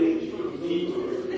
Děkuji.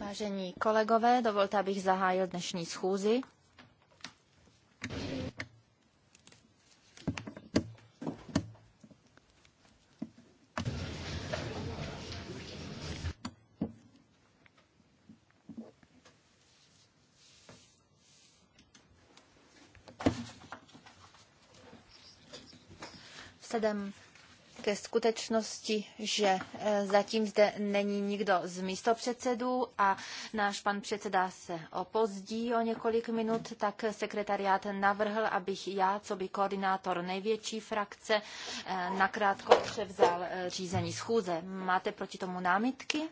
Vážení kolegové, dovolte, abych zahájil dnešní schůzi. Sedm ke skutečnosti, že eh, zatím zde není nikdo z místopředsedů a náš pan předseda se opozdí o několik minut, tak sekretariát navrhl, abych já, co by koordinátor největší frakce, eh, nakrátko převzal eh, řízení schůze. Máte proti tomu námitky?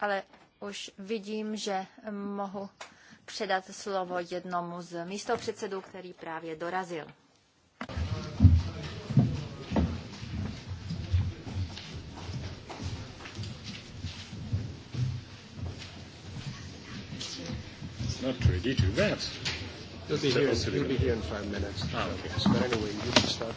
Ale už vidím, že mohu předat slovo jednomu z místopředsedů, který právě dorazil. not to that. You'll be, here, you'll be here in five minutes. Oh, okay. But anyway, you can start.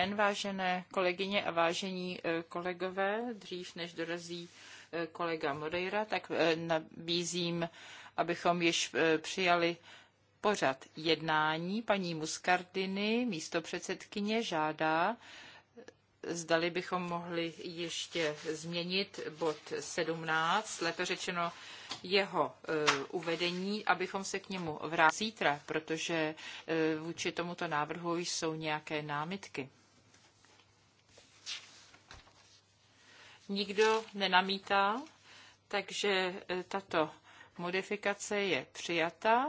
den, vážené kolegyně a vážení eh, kolegové. Dřív než dorazí eh, kolega Moreira, tak eh, nabízím, abychom již přijali pořad jednání. Paní Muskardiny, místo předsedkyně, žádá, zdali bychom mohli ještě změnit bod 17, lépe řečeno jeho uvedení, abychom se k němu vrátili zítra, protože vůči tomuto návrhu jsou nějaké námitky. Nikdo nenamítá, takže e, tato modifikace je přijata.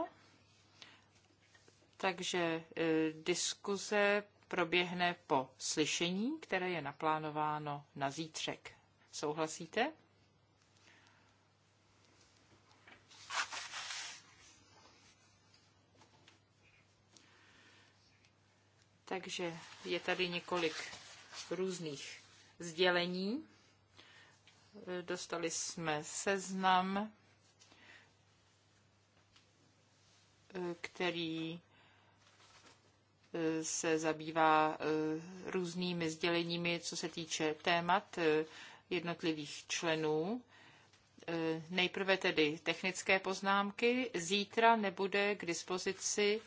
Takže e, diskuze proběhne po slyšení, které je naplánováno na zítřek. Souhlasíte? Takže je tady několik různých sdělení. Dostali jsme seznam, který eh, se zabývá eh, různými sděleními, co se týče témat eh, jednotlivých členů. Nejprve tedy technické poznámky. Zítra nebude k dispozici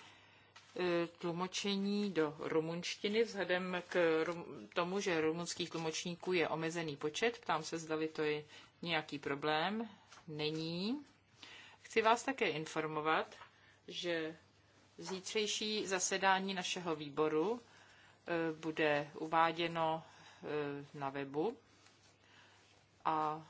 E, tlumočení do rumunštiny, vzhledem k tomu, že rumunských tlumočníků je omezený počet. Ptám se, zdali to je nějaký problém. Není. Chci vás také informovat, že zítřejší zasedání našeho výboru e, bude uváděno e, na webu a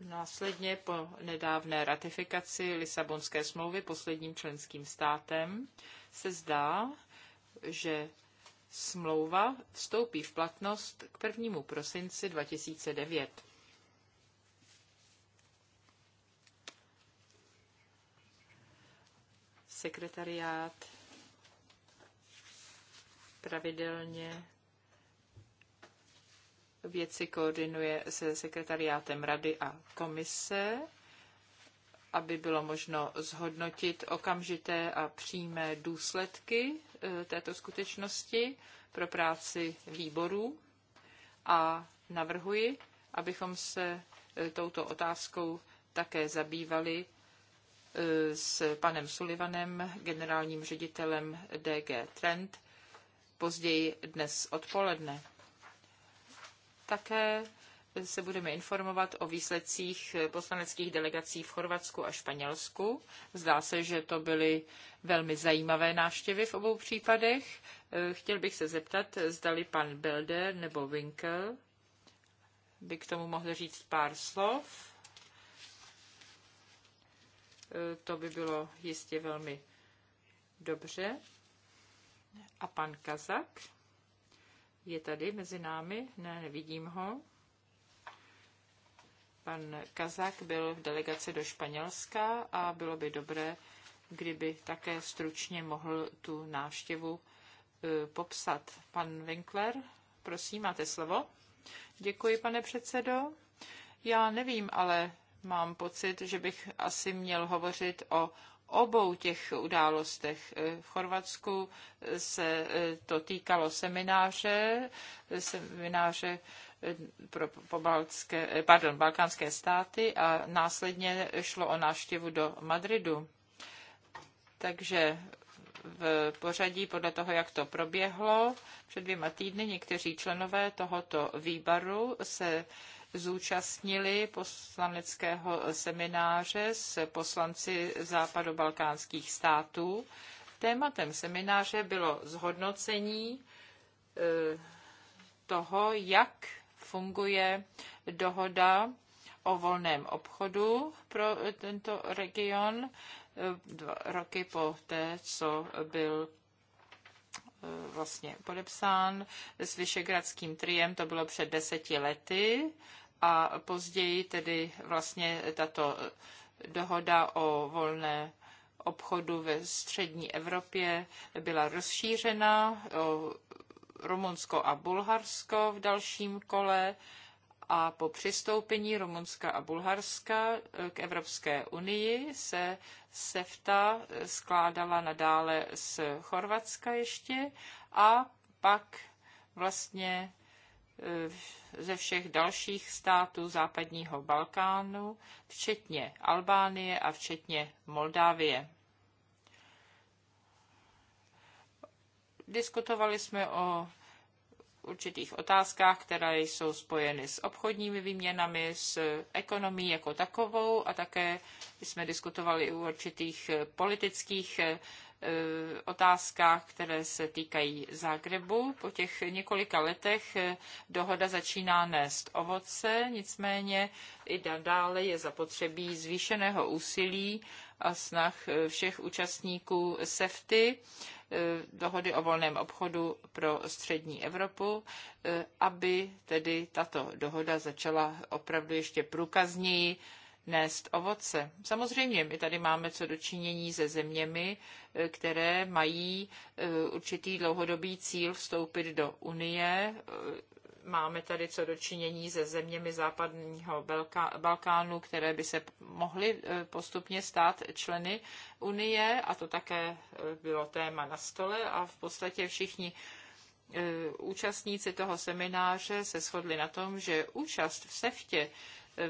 Následně po nedávné ratifikaci Lisabonské smlouvy posledním členským státem se zdá, že smlouva vstoupí v platnost k 1. prosinci 2009. Sekretariát pravidelně věci koordinuje se sekretariátem Rady a komise, aby bylo možno zhodnotit okamžité a přímé důsledky e, této skutečnosti pro práci výborů. A navrhuji, abychom se e, touto otázkou také zabývali e, s panem Sullivanem, generálním ředitelem DG Trend, později dnes odpoledne. Také se budeme informovat o výsledcích poslaneckých delegací v Chorvatsku a Španělsku. Zdá se, že to byly velmi zajímavé návštěvy v obou případech. Eh, chtěl bych se zeptat, zdali pan Belder nebo Winkel by k tomu mohl říct pár slov. Eh, to by bylo jistě velmi dobře. A pan Kazak? Je tady mezi námi? Ne, nevidím ho. Pan Kazak byl v delegaci do Španělska a bylo by dobré, kdyby také stručně mohl tu návštěvu e, popsat. Pan Winkler, prosím, máte slovo. Děkuji, pane předsedo. Já nevím, ale mám pocit, že bych asi měl hovořit o obou těch událostech. Eh, v Chorvatsku se eh, to týkalo semináře, semináře eh, pro pobaltské, pardon, balkánské státy a následně šlo o návštěvu do Madridu. Takže v pořadí podle toho, jak to proběhlo. Před dvěma týdny někteří členové tohoto výboru se zúčastnili poslaneckého semináře s poslanci západobalkánských států. Tématem semináře bylo zhodnocení e, toho, jak funguje dohoda o volném obchodu pro tento region e, roky po té, co byl Eh, vlastně podepsán s Vyšegradským triem, to bylo před deseti lety a později tedy vlastně tato eh, dohoda o volné obchodu ve střední Evropě byla rozšířena o Rumunsko a Bulharsko v dalším kole a po přistoupení Rumunska a Bulharska eh, k Evropské unii se SEFTA eh, skládala nadále z Chorvatska ještě a pak vlastně eh, ze všech dalších států západního Balkánu, včetně Albánie a včetně Moldávie. Diskutovali jsme o určitých otázkách, které jsou spojeny s obchodními výměnami, s ekonomí jako takovou a také jsme diskutovali o určitých politických eh, otázkách, které se týkají Zagrebu. Po těch několika letech eh, dohoda začíná nést ovoce, nicméně i dále je zapotřebí zvýšeného úsilí a snah eh, všech účastníků SEFTY E, dohody o volném obchodu pro střední Evropu, e, aby tedy tato dohoda začala opravdu ještě průkazněji nést ovoce. Samozřejmě, my tady máme co dočinění se zeměmi, e, které mají určitý dlouhodobý cíl vstoupit do Unie máme tady co dočinění se zeměmi západního Balkánu, které by se mohly e, postupně stát členy Unie a to také e, bylo téma na stole a v podstatě všichni e, účastníci toho semináře se shodli na tom, že účast v SEFTě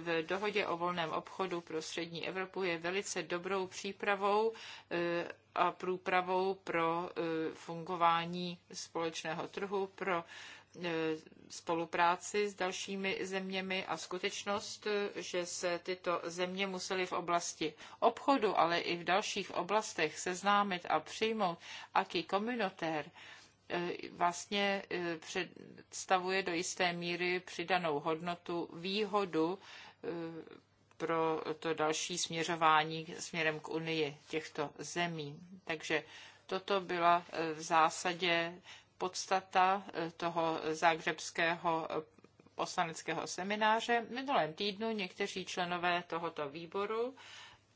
v dohodě o volném obchodu pro střední Evropu je velice dobrou přípravou a průpravou pro fungování společného trhu, pro E, spolupráci s dalšími zeměmi a skutečnost, e, že se tyto země musely v oblasti obchodu, ale i v dalších oblastech seznámit a přijmout aký komunitér, e, vlastně představuje do jisté míry přidanou hodnotu, výhodu pro to další směřování směrem k Unii těchto zemí. Takže toto byla v zásadě podstata eh, toho zágřebského eh, poslaneckého semináře. V minulém týdnu někteří členové tohoto výboru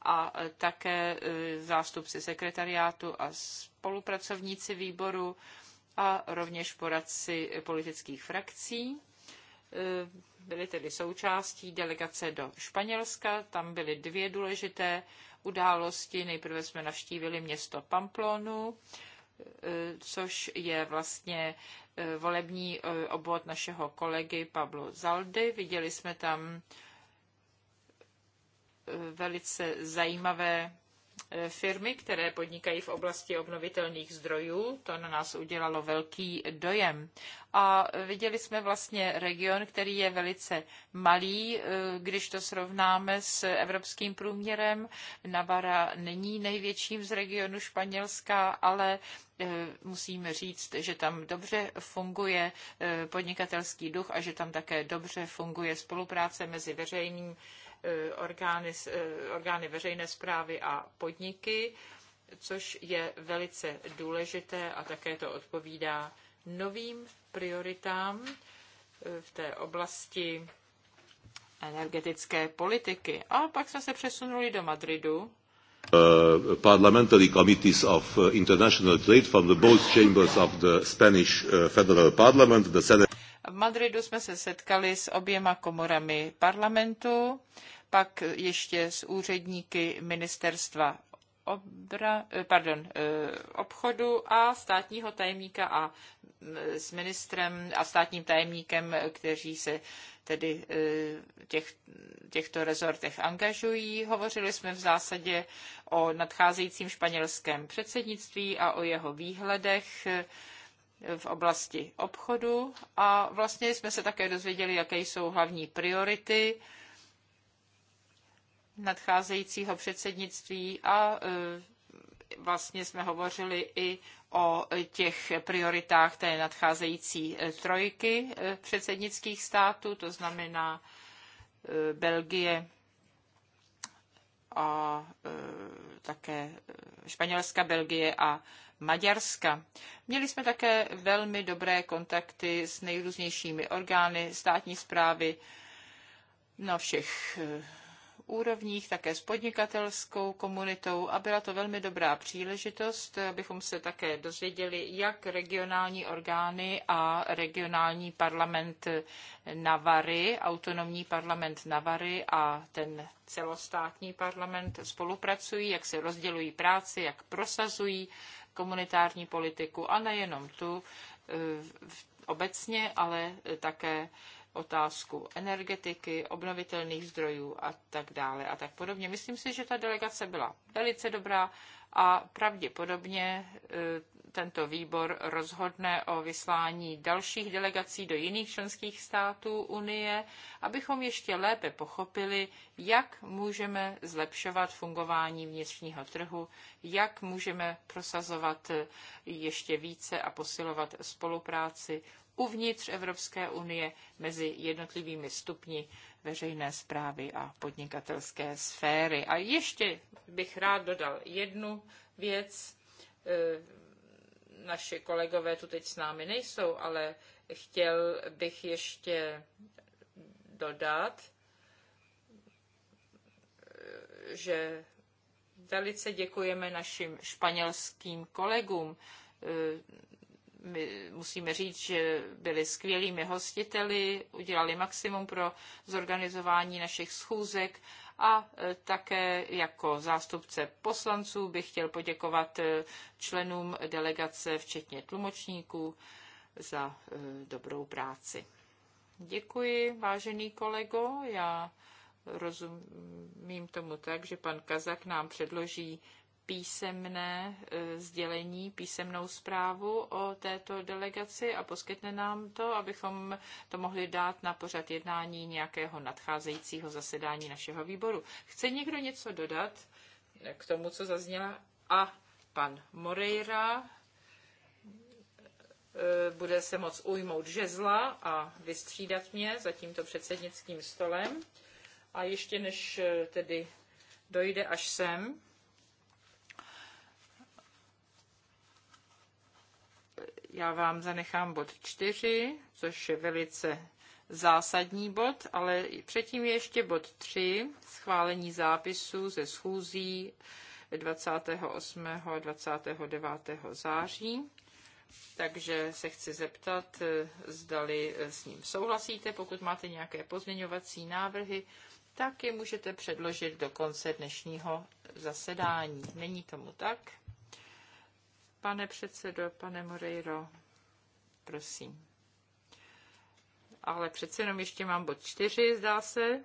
a eh, také zástupci sekretariátu a spolupracovníci výboru a rovněž poradci politických frakcí. Byli tedy součástí delegace do Španělska. Tam byly dvě důležité události. Nejprve jsme navštívili město Pamplonu, Eh, což je vlastně eh, volební eh, obvod našeho kolegy Pablo Zaldy. Viděli jsme tam velice zajímavé Eh, firmy, které podnikají v oblasti obnovitelných zdrojů. To na nás udělalo velký dojem. A viděli jsme vlastně region, který je velice malý, eh, když to srovnáme s evropským průměrem. Navara není největším z regionu Španělska, ale eh, musíme říct, že tam dobře funguje podnikatelský duch a že tam také dobře funguje spolupráce mezi veřejným Eh, orgány, eh, orgány veřejné zprávy a podniky, což je velice důležité a také to odpovídá novým prioritám eh, v té oblasti energetické politiky. A pak jsme se přesunuli do Madridu. Uh, parliamentary committees of international trade from the both chambers of the Spanish uh, federal parliament, the Senate. V Madridu jsme se setkali s oběma komorami parlamentu, pak ještě s úředníky ministerstva obra, eh, pardon, eh, obchodu a státního tajemníka a mm, s ministrem a státním tajemníkem, kteří se tedy eh, těch, těchto rezortech angažují. Hovořili jsme v zásadě o nadcházejícím španělském předsednictví a o jeho výhledech v oblasti obchodu a vlastně jsme se také dozvěděli, jaké jsou hlavní priority nadcházejícího předsednictví a e, vlastně jsme hovořili i o těch prioritách té nadcházející e, trojky e, předsednických států, to znamená Belgie a také Španělska, Belgie a Maďarska. Měli jsme také velmi dobré kontakty s nejrůznějšími orgány státní zprávy na všech eh, úrovních, také s podnikatelskou komunitou a byla to velmi dobrá příležitost, abychom se také dozvěděli, jak regionální orgány a regionální parlament Navary, autonomní parlament Navary a ten celostátní parlament spolupracují, jak se rozdělují práci, jak prosazují komunitární politiku a nejenom tu e, obecně, ale také otázku energetiky, obnovitelných zdrojů a tak dále a tak podobně. Myslím si, že ta delegace byla velice dobrá a pravděpodobně e, tento výbor rozhodne o vyslání dalších delegací do jiných členských států Unie, abychom ještě lépe pochopili, jak můžeme zlepšovat fungování vnitřního trhu, jak můžeme prosazovat ještě více a posilovat spolupráci uvnitř Evropské unie mezi jednotlivými stupni veřejné zprávy a podnikatelské sféry. A ještě bych rád dodal jednu věc naši kolegové tu teď s námi nejsou, ale chtěl bych ještě dodat, že velice děkujeme našim španělským kolegům. My musíme říct, že byli skvělými hostiteli, udělali maximum pro zorganizování našich schůzek a e, také jako zástupce poslanců bych chtěl poděkovat e, členům delegace, včetně tlumočníků, za e, dobrou práci. Děkuji, vážený kolego. Já rozumím tomu tak, že pan Kazak nám předloží písemné e, sdělení, písemnou zprávu o této delegaci a poskytne nám to, abychom to mohli dát na pořad jednání nějakého nadcházejícího zasedání našeho výboru. Chce někdo něco dodat k tomu, co zazněla? A pan Moreira e, bude se moc ujmout žezla a vystřídat mě za tímto předsednickým stolem. A ještě než e, tedy dojde až sem, Já vám zanechám bod 4, což je velice zásadní bod, ale předtím je ještě bod 3, schválení zápisu ze schůzí 28. a 29. září. Takže se chci zeptat, eh, zdali eh, s ním souhlasíte. Pokud máte nějaké pozměňovací návrhy, tak je můžete předložit do konce dnešního zasedání. Není tomu tak? Pane předsedo, pane Moreiro, prosím. Ale přece jenom ještě mám bod čtyři, zdá se.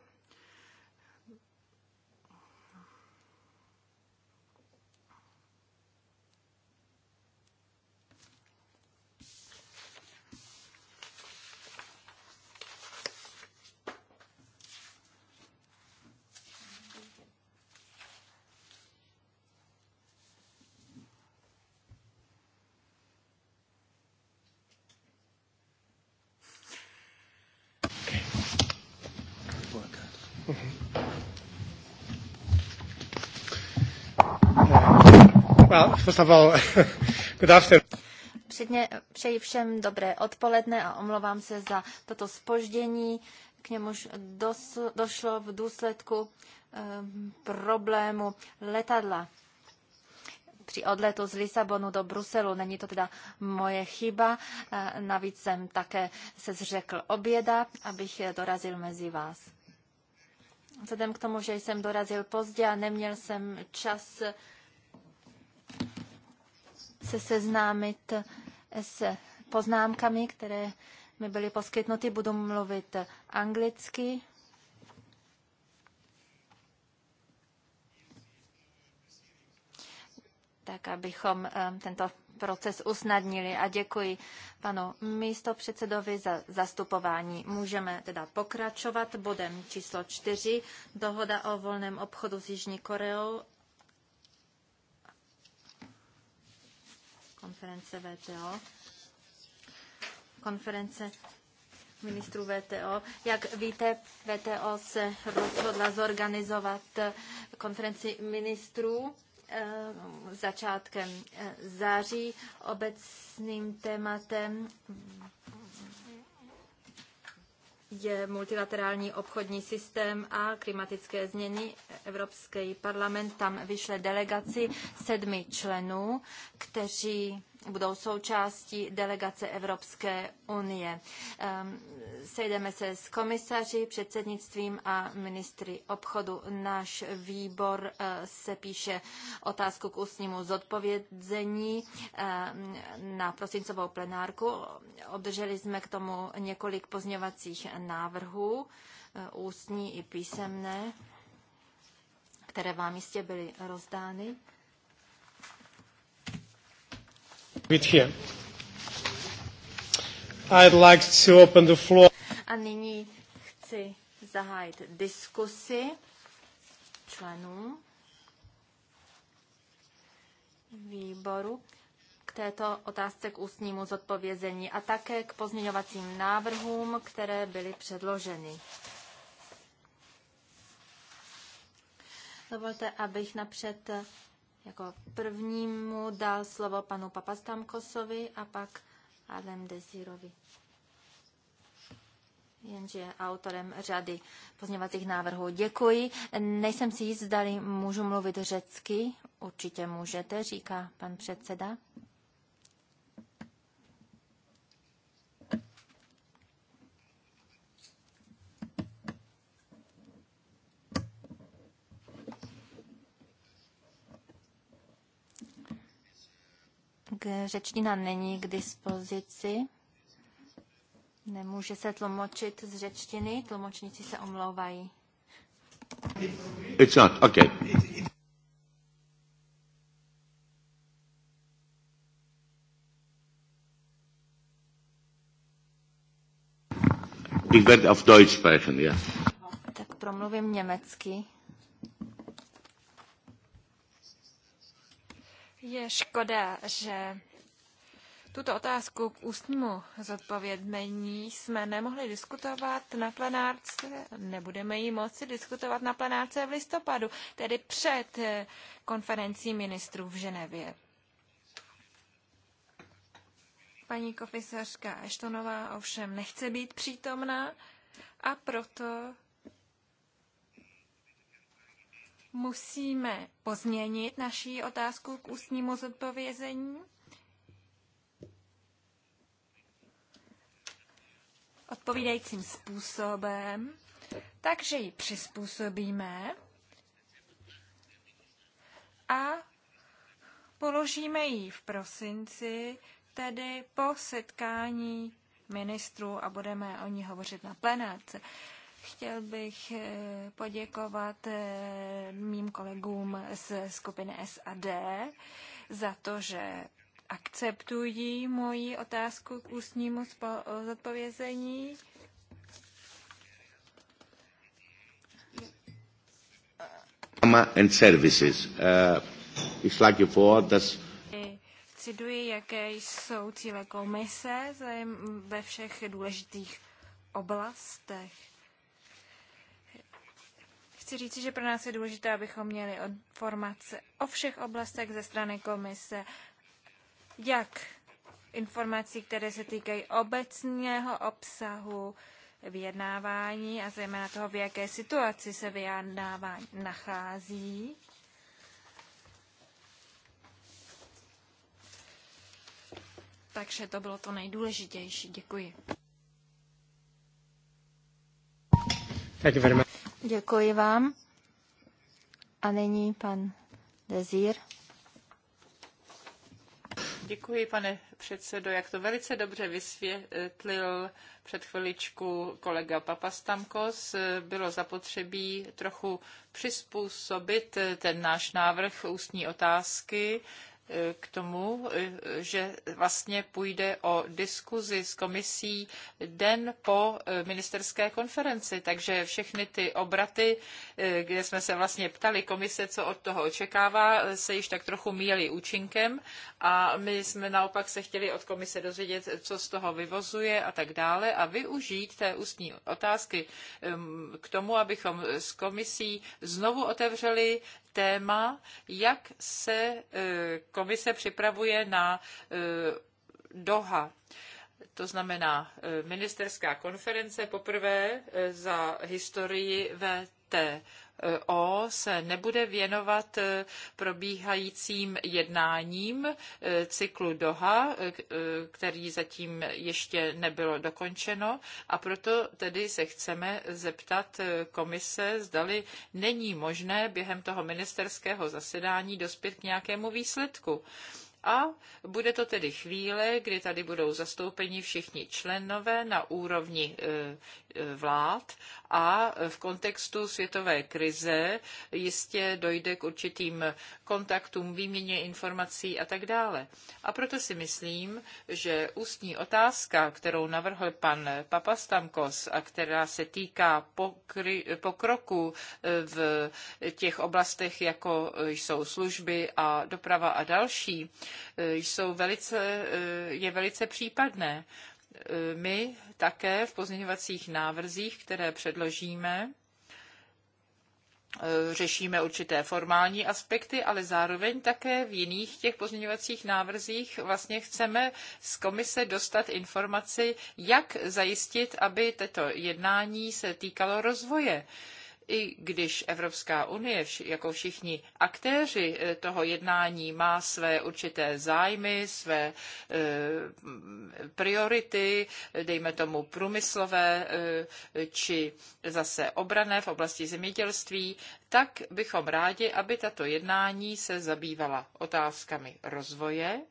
First of all, good afternoon. Předně přeji všem dobré odpoledne a omlouvám se za toto spoždění. K němuž dos, došlo v důsledku um, problému letadla při odletu z Lisabonu do Bruselu. Není to teda moje chyba. E, navíc jsem také se zřekl oběda, abych dorazil mezi vás. Vzhledem k tomu, že jsem dorazil pozdě a neměl jsem čas se seznámit s poznámkami, které mi byly poskytnuty. Budu mluvit anglicky. tak abychom eh, tento proces usnadnili a děkuji panu místopředsedovi za zastupování. Můžeme teda pokračovat bodem číslo čtyři, dohoda o volném obchodu s Jižní Koreou konference VTO, konference ministrů VTO. Jak víte, VTO se rozhodla zorganizovat konferenci ministrů eh, začátkem eh, září. Obecným tématem je multilaterální obchodní systém a klimatické změny. Evropský parlament tam vyšle delegaci sedmi členů, kteří budou součástí delegace Evropské unie. Ehm, sejdeme se s komisaři, předsednictvím a ministry obchodu. Náš výbor eh, se píše otázku k ústnímu zodpovězení ehm, na prosincovou plenárku. Obdrželi jsme k tomu několik pozněvacích návrhů, eh, ústní i písemné, které vám jistě byly rozdány. Být here. I'd like to open the floor. A nyní chci zahájit diskusi členů výboru k této otázce k ústnímu zodpovězení a také k pozměňovacím návrhům, které byly předloženy. Dovolte, abych napřed jako prvnímu dal slovo panu Papastamkosovi a pak Adam Desirovi. Jenže autorem řady pozněvacích návrhů. Děkuji. Nejsem si jist, zdali můžu mluvit řecky. Určitě můžete, říká pan předseda. Řečtina není k dispozici. Nemůže se tlumočit z řečtiny, tlumočníci se omlouvají. It's not, okay. Ich werde auf Deutsch sprechen, ja. Tak promluvím německy. Je škoda, že tuto otázku k ústnímu zodpovědmení jsme nemohli diskutovat na plenárce, nebudeme ji moci diskutovat na plenárce v listopadu, tedy před eh, konferencí ministrů v Ženevě. Paní komisařka Eštonová ovšem nechce být přítomná a proto musíme pozměnit naší otázku k ústnímu zodpovězení. odpovídajícím způsobem, takže ji přizpůsobíme a položíme ji v prosinci, tedy po setkání ministrů a budeme o ní hovořit na plenárce. Chtěl bych eh, poděkovat eh, mým kolegům z skupiny SAD za to, že akceptují moji otázku k ústnímu zodpovězení. and services. Uh, it's like before, that's jaké jsou cíle komise ve všech důležitých oblastech chci říct, že pro nás je důležité, abychom měli informace o všech oblastech ze strany komise, jak informací, které se týkají obecného obsahu vyjednávání a zejména toho, v jaké situaci se vyjednávání nachází. Takže to bylo to nejdůležitější. Děkuji. Thank you very much. Děkuji vám. A nyní pan Dezír. Děkuji, pane předsedo. Jak to velice dobře vysvětlil před chviličku kolega Papastamkos, bylo zapotřebí trochu přizpůsobit ten náš návrh ústní otázky k tomu, e, že vlastně půjde o diskuzi s komisí den po e, ministerské konferenci. Takže všechny ty obraty, e, kde jsme se vlastně ptali komise, co od toho očekává, se již tak trochu míjeli účinkem a my jsme naopak se chtěli od komise dozvědět, co z toho vyvozuje a tak dále a využít té ústní otázky k tomu, abychom s komisí znovu otevřeli téma, jak se eh, komise připravuje na eh, Doha to znamená eh, ministerská konference poprvé eh, za historii VTO se nebude věnovat eh, probíhajícím jednáním cyklu Doha, který zatím ještě nebylo dokončeno a proto tedy se chceme zeptat komise, zdali není možné během toho ministerského zasedání dospět k nějakému výsledku a bude to tedy chvíle, kdy tady budou zastoupeni všichni členové na úrovni eh, eh, vlád a v kontextu světové krize jistě dojde k určitým kontaktům, výměně informací a tak dále. A proto si myslím, že ústní otázka, kterou navrhl pan Papastamkos a která se týká pokroku e, v těch oblastech, jako jsou služby a doprava a další, e, jsou velice, e, je velice případné. E, my také v pozměňovacích návrzích, které předložíme, e, řešíme určité formální aspekty, ale zároveň také v jiných těch pozměňovacích návrzích vlastně chceme z komise dostat informaci, jak zajistit, aby toto jednání se týkalo rozvoje i když Evropská unie, jako všichni aktéři eh, toho jednání, má své určité zájmy, své eh, priority, dejme tomu průmyslové eh, či zase obrané v oblasti zemědělství, tak bychom rádi, aby tato jednání se zabývala otázkami rozvoje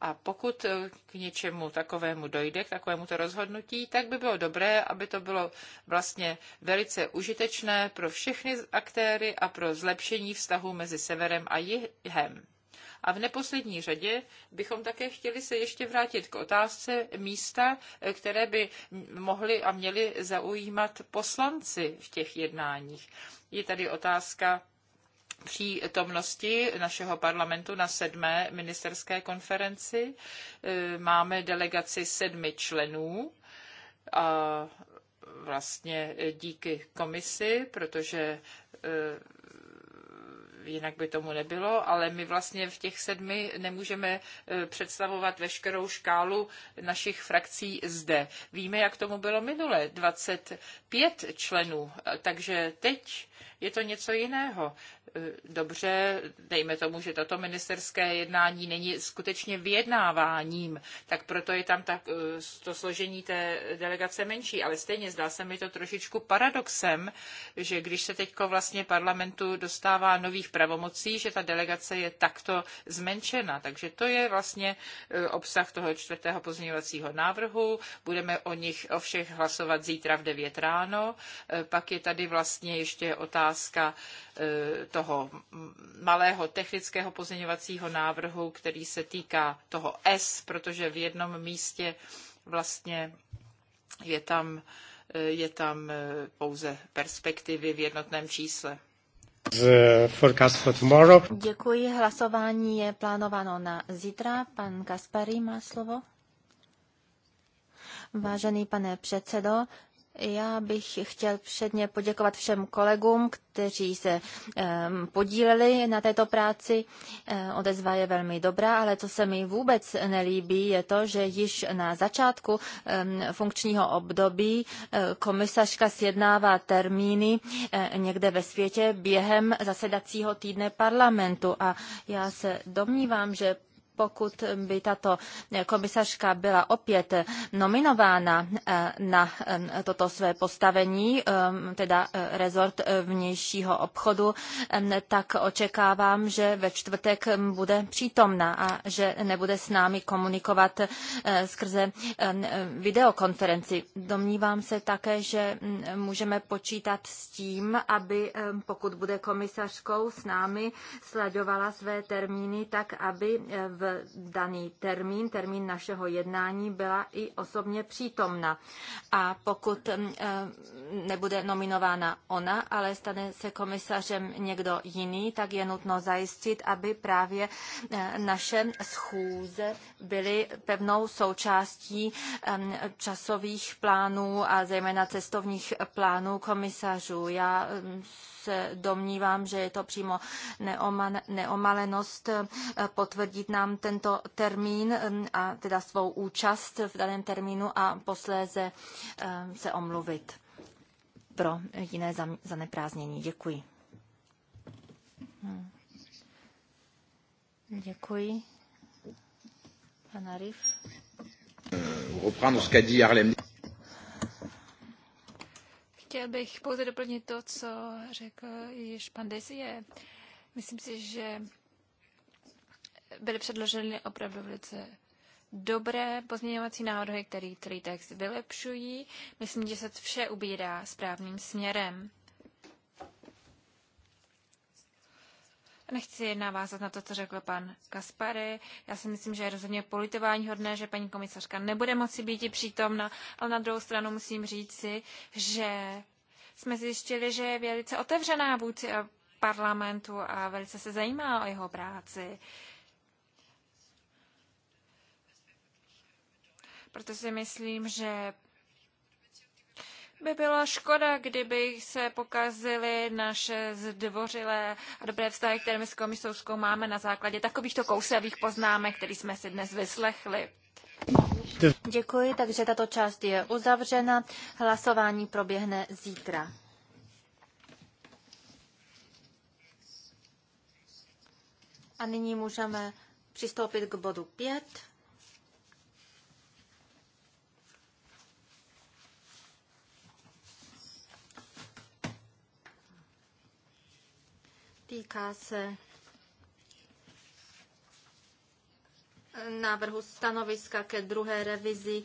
a pokud eh, k něčemu takovému dojde, k takovému to rozhodnutí, tak by bylo dobré, aby to bylo vlastně velice užitečné pro všechny aktéry a pro zlepšení vztahu mezi severem a jihem. A v neposlední řadě bychom také chtěli se ještě vrátit k otázce místa, eh, které by mohli a měli zaujímat poslanci v těch jednáních. Je tady otázka přítomnosti našeho parlamentu na sedmé ministerské konferenci. E, máme delegaci sedmi členů a vlastně díky komisi, protože e, jinak by tomu nebylo, ale my vlastně v těch sedmi nemůžeme e, představovat veškerou škálu našich frakcí zde. Víme, jak tomu bylo minule, 25 členů, takže teď je to něco jiného. E, dobře, dejme tomu, že toto ministerské jednání není skutečně vyjednáváním, tak proto je tam tak, e, to složení té delegace menší, ale stejně zdá se mi to trošičku paradoxem, že když se teď vlastně parlamentu dostává nových pravomocí, že ta delegace je takto zmenšena. Takže to je vlastně e, obsah toho čtvrtého pozměňovacího návrhu. Budeme o nich o všech hlasovat zítra v 9 ráno. Pak je tady vlastně ještě o otázka e, toho malého technického pozměňovacího návrhu, který se týká toho S, protože v jednom místě vlastně je tam, e, je tam e, pouze perspektivy v jednotném čísle. Děkuji. Hlasování je plánováno na zítra. Pan Kaspary má slovo. Vážený pane předsedo, já bych chtěl předně poděkovat všem kolegům, kteří se podíleli na této práci. Eh, odezva je velmi dobrá, ale co se mi vůbec nelíbí, je to, že již na začátku funkčního období eh, komisařka sjednává termíny eh, někde ve světě během zasedacího týdne parlamentu. A já se domnívám, že pokud by tato komisařka byla opět nominována eh, na eh, toto své postavení, eh, teda rezort vnějšího obchodu, tak očekávám, že ve čtvrtek bude přítomna a že nebude s námi komunikovat skrze videokonferenci. Domnívám se také, že mm, můžeme počítat s tím, aby pokud bude komisařkou s námi, sledovala své termíny tak, aby v daný termín, termín našeho jednání, byla i osobně přítomna. A pokud mm, eh, nebude nominována ona, ale stane se komisařem někdo jiný, tak je nutno zajistit, aby právě eh, naše schůze byly pevnou součástí mm, časových plánů a zejména cestovních plánů komisařů. Já mm, se domnívám, že je to přímo neomalenost eh, potvrdit nám tento termín eh, a teda svou účast v daném termínu a posléze eh, se omluvit pro jiné zaneprázdnění. Děkuji. Hmm. Děkuji. Pan Arif. Reprendre ce qu'a dit Chtěl bych pouze doplnit to, co řekl již pan Desie. Myslím si, že byly předloženy opravdu velice dobré pozměňovací návrhy, který, který text vylepšují. Myslím, že se vše ubírá správným směrem. Nechci navázat na to, co řekl pan Kaspary. Já si myslím, že je rozhodně politování hodné, že paní komisařka nebude moci být přítomna, ale na druhou stranu musím říci, že jsme zjistili, že je velice otevřená vůdci parlamentu a velice se zajímá o jeho práci. Proto si myslím, že by byla škoda, kdyby se pokazily naše zdvořilé a dobré vztahy, které my s komisouskou máme na základě takovýchto kousavých poznámek, které jsme si dnes vyslechli. Děkuji, takže tato část je uzavřena. Hlasování proběhne zítra. A nyní můžeme přistoupit k bodu 5. Týká se návrhu stanoviska ke druhé revizi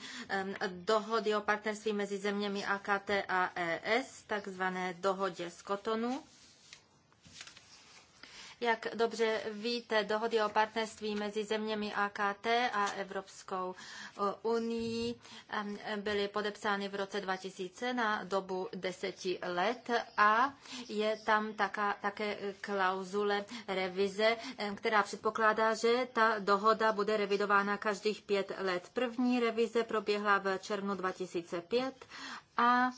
dohody o partnerství mezi zeměmi AKT a ES, takzvané dohodě z Kotonu. Jak dobře víte, dohody o partnerství mezi zeměmi AKT a Evropskou unii byly podepsány v roce 2000 na dobu deseti let a je tam taká, také klauzule revize, která předpokládá, že ta dohoda bude revidována každých pět let. První revize proběhla v červnu 2005 a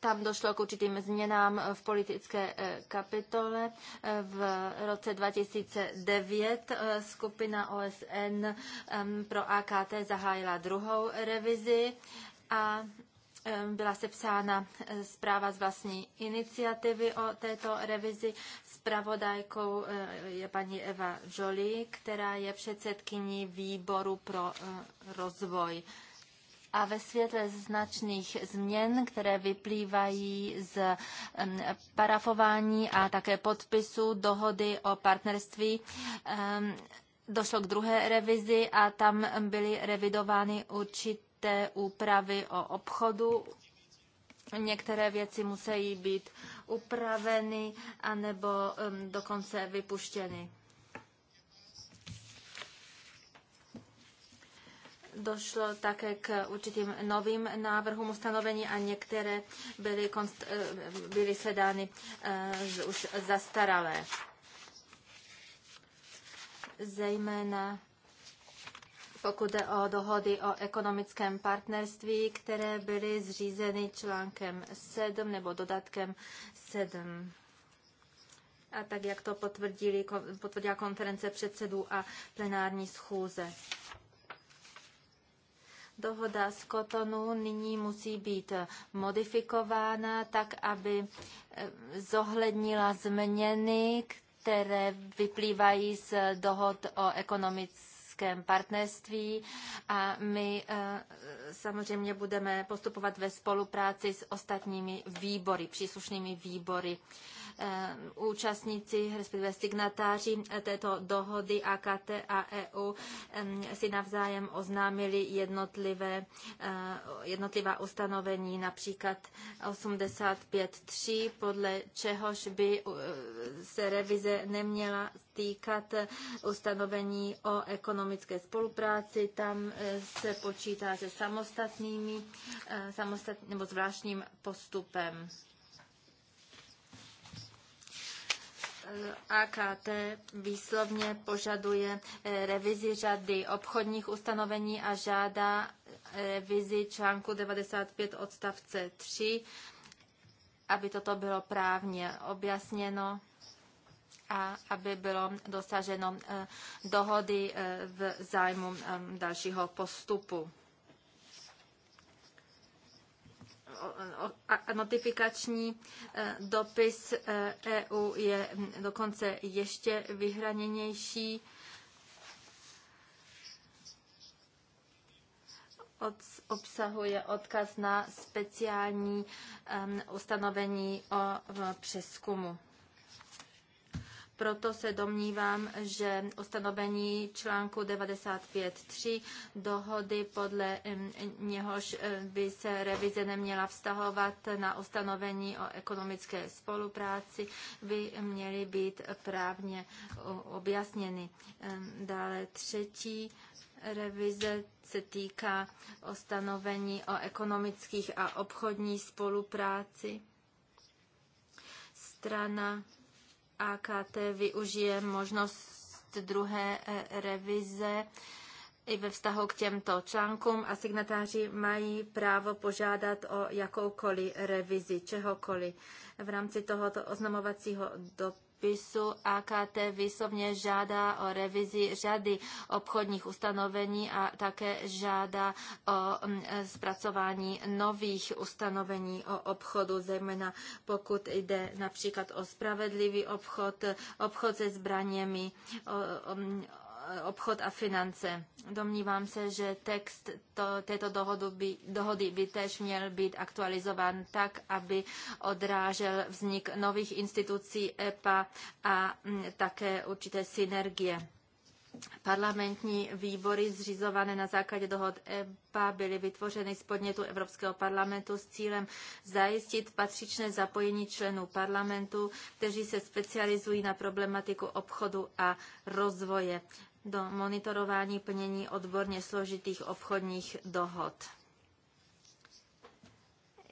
tam došlo k určitým změnám v politické eh, kapitole. Eh, v roce 2009 eh, skupina OSN pro AKT zahájila druhou revizi a byla sepsána zpráva z vlastní iniciativy o této revizi. Spravodajkou je paní Eva Jolie, která je předsedkyní výboru pro rozvoj a ve světle značných změn, které vyplývají z parafování a také podpisu dohody o partnerství, došlo k druhé revizi a tam byly revidovány určité úpravy o obchodu. Některé věci musí být upraveny anebo dokonce vypuštěny. Došlo také k určitým novým návrhům ustanovení a některé byly, konst, eh, byly sedány eh, už zastaralé. Zejména pokud jde o dohody o ekonomickém partnerství, které byly zřízeny článkem 7 nebo dodatkem 7. A tak, jak to potvrdili, potvrdila konference předsedů a plenární schůze. Dohoda z Kotonu nyní musí být modifikována tak, aby eh, zohlednila změny, které vyplývají z dohod o ekonomickém partnerství a my eh, samozřejmě budeme postupovat ve spolupráci s ostatními výbory, příslušnými výbory Eh, účastníci, respektive signatáři eh, této dohody AKT a EU si navzájem oznámili jednotlivé, eh, jednotlivá ustanovení, například 85.3, podle čehož by se revize neměla týkat ustanovení o ekonomické spolupráci. Tam se počítá se samostatnými, samostatným nebo zvláštním postupem. AKT výslovně požaduje eh, revizi řady obchodních ustanovení a žádá eh, revizi článku 95 odstavce 3, aby toto bylo právně objasněno a aby bylo dosaženo eh, dohody v zájmu dalšího postupu. notifikační e, dopis EU e je dokonce ještě vyhraněnější. od, obsahuje odkaz na speciální e, ustanovení o přeskumu. Proto se domnívám, že ustanovení článku 95.3 dohody, podle něhož eh, by se revize neměla vztahovat na ustanovení o ekonomické spolupráci, by měly být právně objasněny. Dále třetí revize se týká ustanovení o ekonomických a obchodní spolupráci. Strana AKT využije možnost druhé eh, revize i ve vztahu k těmto článkům a signatáři mají právo požádat o jakoukoliv revizi, čehokoliv. V rámci tohoto oznamovacího dopisu spisu AKT výslovně žádá o revizi řady obchodních ustanovení a také žádá o mm, zpracování nových ustanovení o obchodu, zejména pokud jde například o spravedlivý obchod, obchod se zbraněmi, o, o, mm, obchod a finance. Domnívám se, že text to, této dohodu by, dohody by též měl být aktualizován tak, aby odrážel vznik nových institucí EPA a mm, také určité synergie. Parlamentní výbory zřizované na základě dohod EPA byly vytvořeny z podnětu Evropského parlamentu s cílem zajistit patřičné zapojení členů parlamentu, kteří se specializují na problematiku obchodu a rozvoje do monitorování plnění odborně složitých obchodních dohod.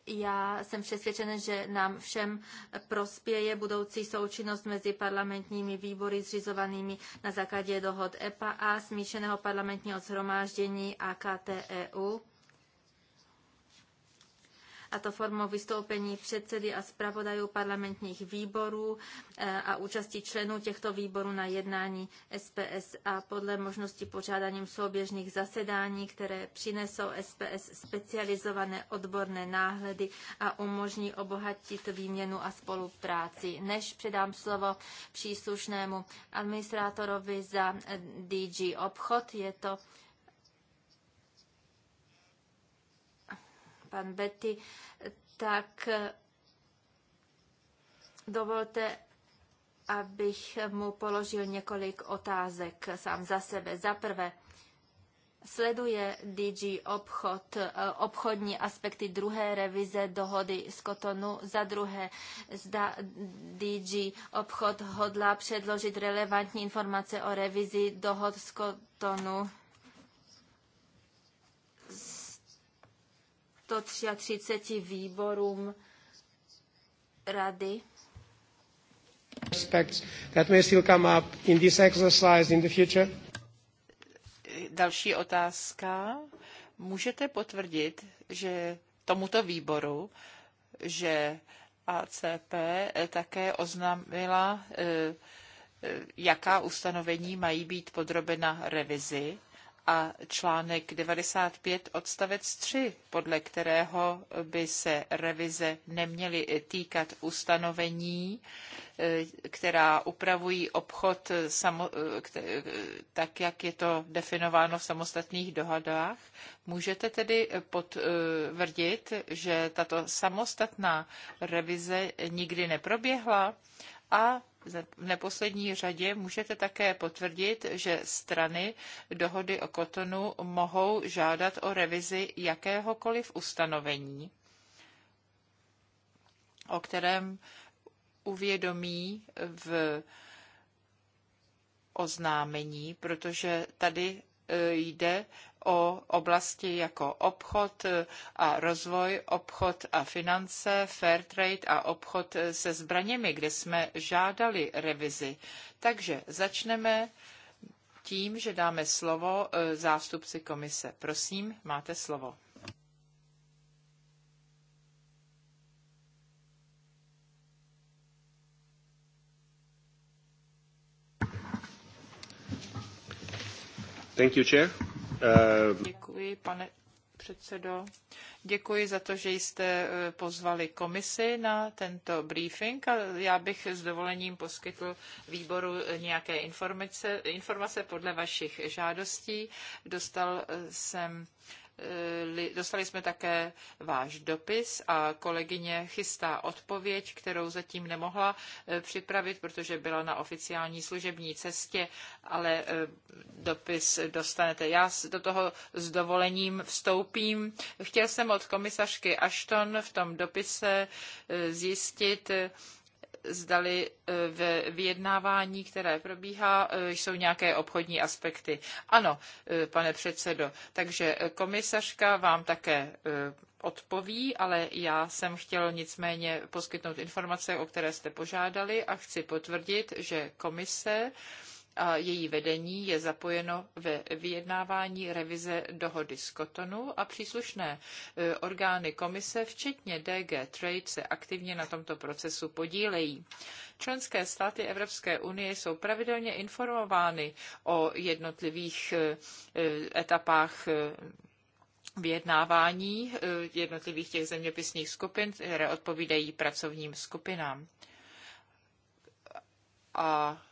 Já jsem přesvědčen, že nám všem prospěje budoucí součinnost mezi parlamentními výbory zřizovanými na základě dohod EPA a smíšeného parlamentního zhromáždění AKTEU a to formou vystoupení předsedy a zpravodajů parlamentních výborů eh, a účastí členů těchto výborů na jednání SPS a podle možnosti pořádaním souběžných zasedání, které přinesou SPS specializované odborné náhledy a umožní obohatit výměnu a spolupráci. Než předám slovo příslušnému administrátorovi za DG obchod, je to pan Betty, tak eh, dovolte, abych mu položil několik otázek sám za sebe. Za prvé, sleduje DG obchod, eh, obchodní aspekty druhé revize dohody z Kotonu. Za druhé, zda DG obchod hodlá předložit relevantní informace o revizi dohod z Kotonu 133 výborům rady. that may still come up in this exercise in the future. Další otázka. Můžete potvrdit, že tomuto výboru, že ACP také oznámila, eh, eh, jaká ustanovení mají být podrobena revizi a článek 95 odstavec 3, podle kterého by se revize neměly týkat ustanovení, eh, která upravují obchod samo, eh, eh, tak, jak je to definováno v samostatných dohodách. Můžete tedy potvrdit, že tato samostatná revize nikdy neproběhla a v neposlední řadě můžete také potvrdit, že strany dohody o kotonu mohou žádat o revizi jakéhokoliv ustanovení, o kterém uvědomí v oznámení, protože tady e, jde o oblasti jako obchod a rozvoj, obchod a finance, fair trade a obchod se zbraněmi, kde jsme žádali revizi. Takže začneme tím, že dáme slovo e, zástupci komise. Prosím, máte slovo. Thank you, Chair. Eh, Děkuji, pane předsedo. Děkuji za to, že jste eh, pozvali komisi na tento briefing a já bych s dovolením poskytl výboru eh, nějaké informace, informace podle vašich žádostí. Dostal jsem dostali jsme také váš dopis a kolegyně chystá odpověď, kterou zatím nemohla eh, připravit, protože byla na oficiální služební cestě, ale eh, dopis dostanete. Já do toho s dovolením vstoupím. Chtěl jsem od komisařky Ashton v tom dopise eh, zjistit, zdali e, ve vyjednávání, které probíhá, e, jsou nějaké obchodní aspekty. Ano, e, pane předsedo, takže komisařka vám také odpoví, ale já jsem chtěl nicméně poskytnout informace, o které jste požádali a chci potvrdit, že komise a její vedení je zapojeno ve vyjednávání revize dohody z Kotonu a příslušné e, orgány komise, včetně DG Trade, se aktivně na tomto procesu podílejí. Členské státy Evropské unie jsou pravidelně informovány o jednotlivých e, e, etapách vyjednávání jednotlivých těch zeměpisných skupin, které odpovídají pracovním skupinám. A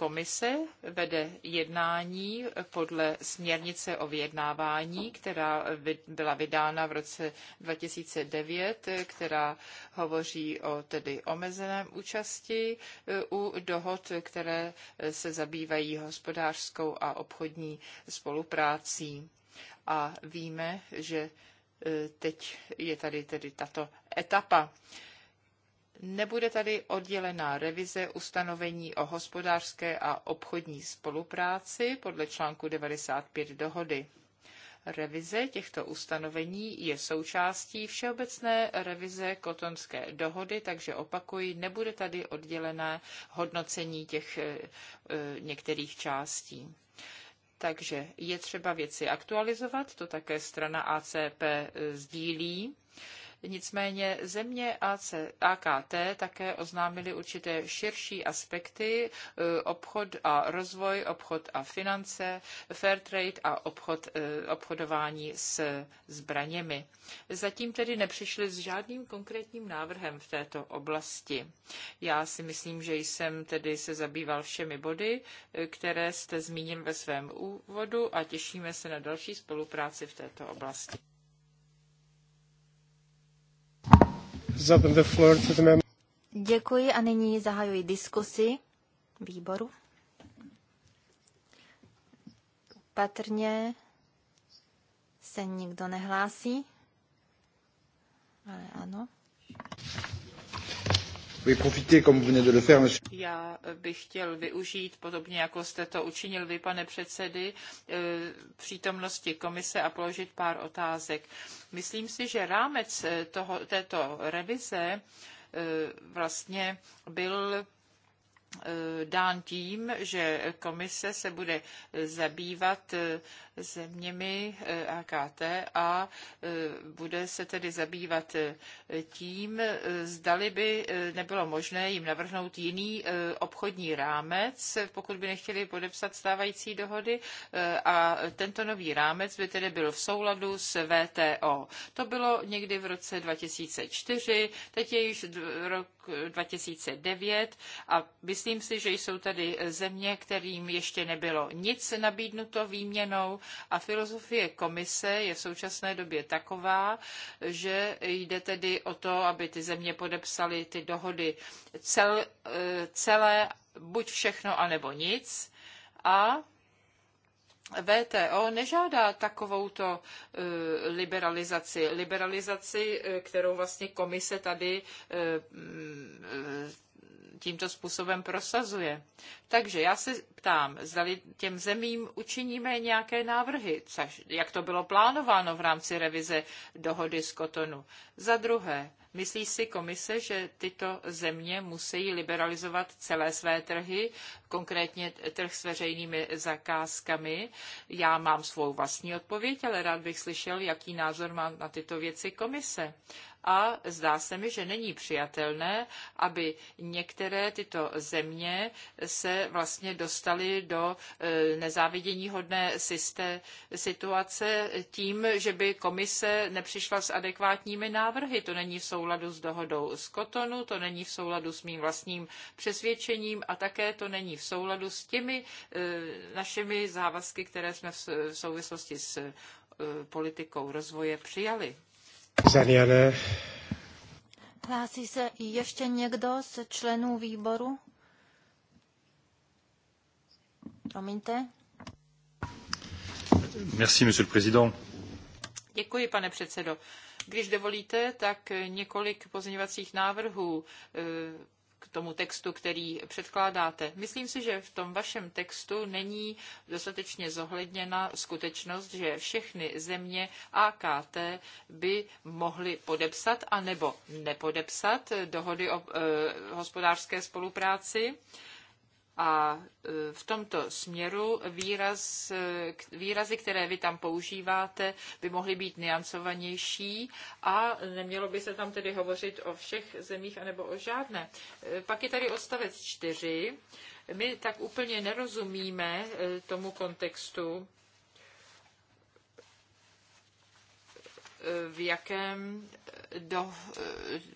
Komise vede jednání podle směrnice o vyjednávání, která byla vydána v roce 2009, která hovoří o tedy omezeném účasti eh, u dohod, které se zabývají hospodářskou a obchodní spoluprácí. A víme, že eh, teď je tady tedy tato etapa. Nebude tady oddělená revize ustanovení o hospodářské a obchodní spolupráci podle článku 95 dohody. Revize těchto ustanovení je součástí všeobecné revize kotonské dohody, takže opakuji, nebude tady oddělené hodnocení těch e, některých částí. Takže je třeba věci aktualizovat, to také strana ACP eh, sdílí Nicméně země AC, AKT také oznámily určité širší aspekty e, obchod a rozvoj, obchod a finance, fair trade a obchod, e, obchodování s zbraněmi. Zatím tedy nepřišli s žádným konkrétním návrhem v této oblasti. Já si myslím, že jsem tedy se zabýval všemi body, e, které jste zmínil ve svém úvodu a těšíme se na další spolupráci v této oblasti. Děkuji a nyní zahajuji diskusi výboru. Patrně se nikdo nehlásí, ale ano. Já bych chtěl využít, podobně jako jste to učinil vy, pane předsedy, eh, přítomnosti komise a položit pár otázek. Myslím si, že rámec eh, toho, této revize eh, vlastně byl Eh, dán tím, že komise se bude zabývat eh, zeměmi AKT eh, a bude se tedy zabývat tím, zdali by nebylo možné jim navrhnout jiný obchodní rámec, pokud by nechtěli podepsat stávající dohody a tento nový rámec by tedy byl v souladu s VTO. To bylo někdy v roce 2004, teď je již rok 2009 a by Myslím si, že jsou tady země, kterým ještě nebylo nic nabídnuto výměnou a filozofie komise je v současné době taková, že jde tedy o to, aby ty země podepsaly ty dohody cel, celé, buď všechno, anebo nic. A VTO nežádá takovouto eh, liberalizaci. Liberalizaci, eh, kterou vlastně komise tady eh, tímto způsobem prosazuje. Takže já se ptám, zda těm zemím učiníme nějaké návrhy, což, jak to bylo plánováno v rámci revize dohody z Kotonu. Za druhé, myslí si komise, že tyto země musí liberalizovat celé své trhy, konkrétně trh s veřejnými zakázkami. Já mám svou vlastní odpověď, ale rád bych slyšel, jaký názor má na tyto věci komise a zdá se mi, že není přijatelné, aby některé tyto země se vlastně dostaly do e, nezáviděníhodné situace tím, že by komise nepřišla s adekvátními návrhy. To není v souladu s dohodou z Kotonu, to není v souladu s mým vlastním přesvědčením a také to není v souladu s těmi e, našimi závazky, které jsme v souvislosti s e, politikou rozvoje přijali. Zaniane. Hlásí se ještě někdo z členů výboru? Promiňte. Merci, monsieur le président. Děkuji, pane předsedo. Když dovolíte, tak několik pozměňovacích návrhů eh, k tomu textu, který předkládáte. Myslím si, že v tom vašem textu není dostatečně zohledněna skutečnost, že všechny země AKT by mohly podepsat anebo nepodepsat dohody o e, hospodářské spolupráci. E, a e, v tomto směru výraz, e, výrazy, které vy tam používáte, by mohly být niancovanější a nemělo by se tam tedy hovořit o všech zemích anebo o žádné. E, pak je tady odstavec čtyři. My tak úplně nerozumíme tomu kontextu v jakém do,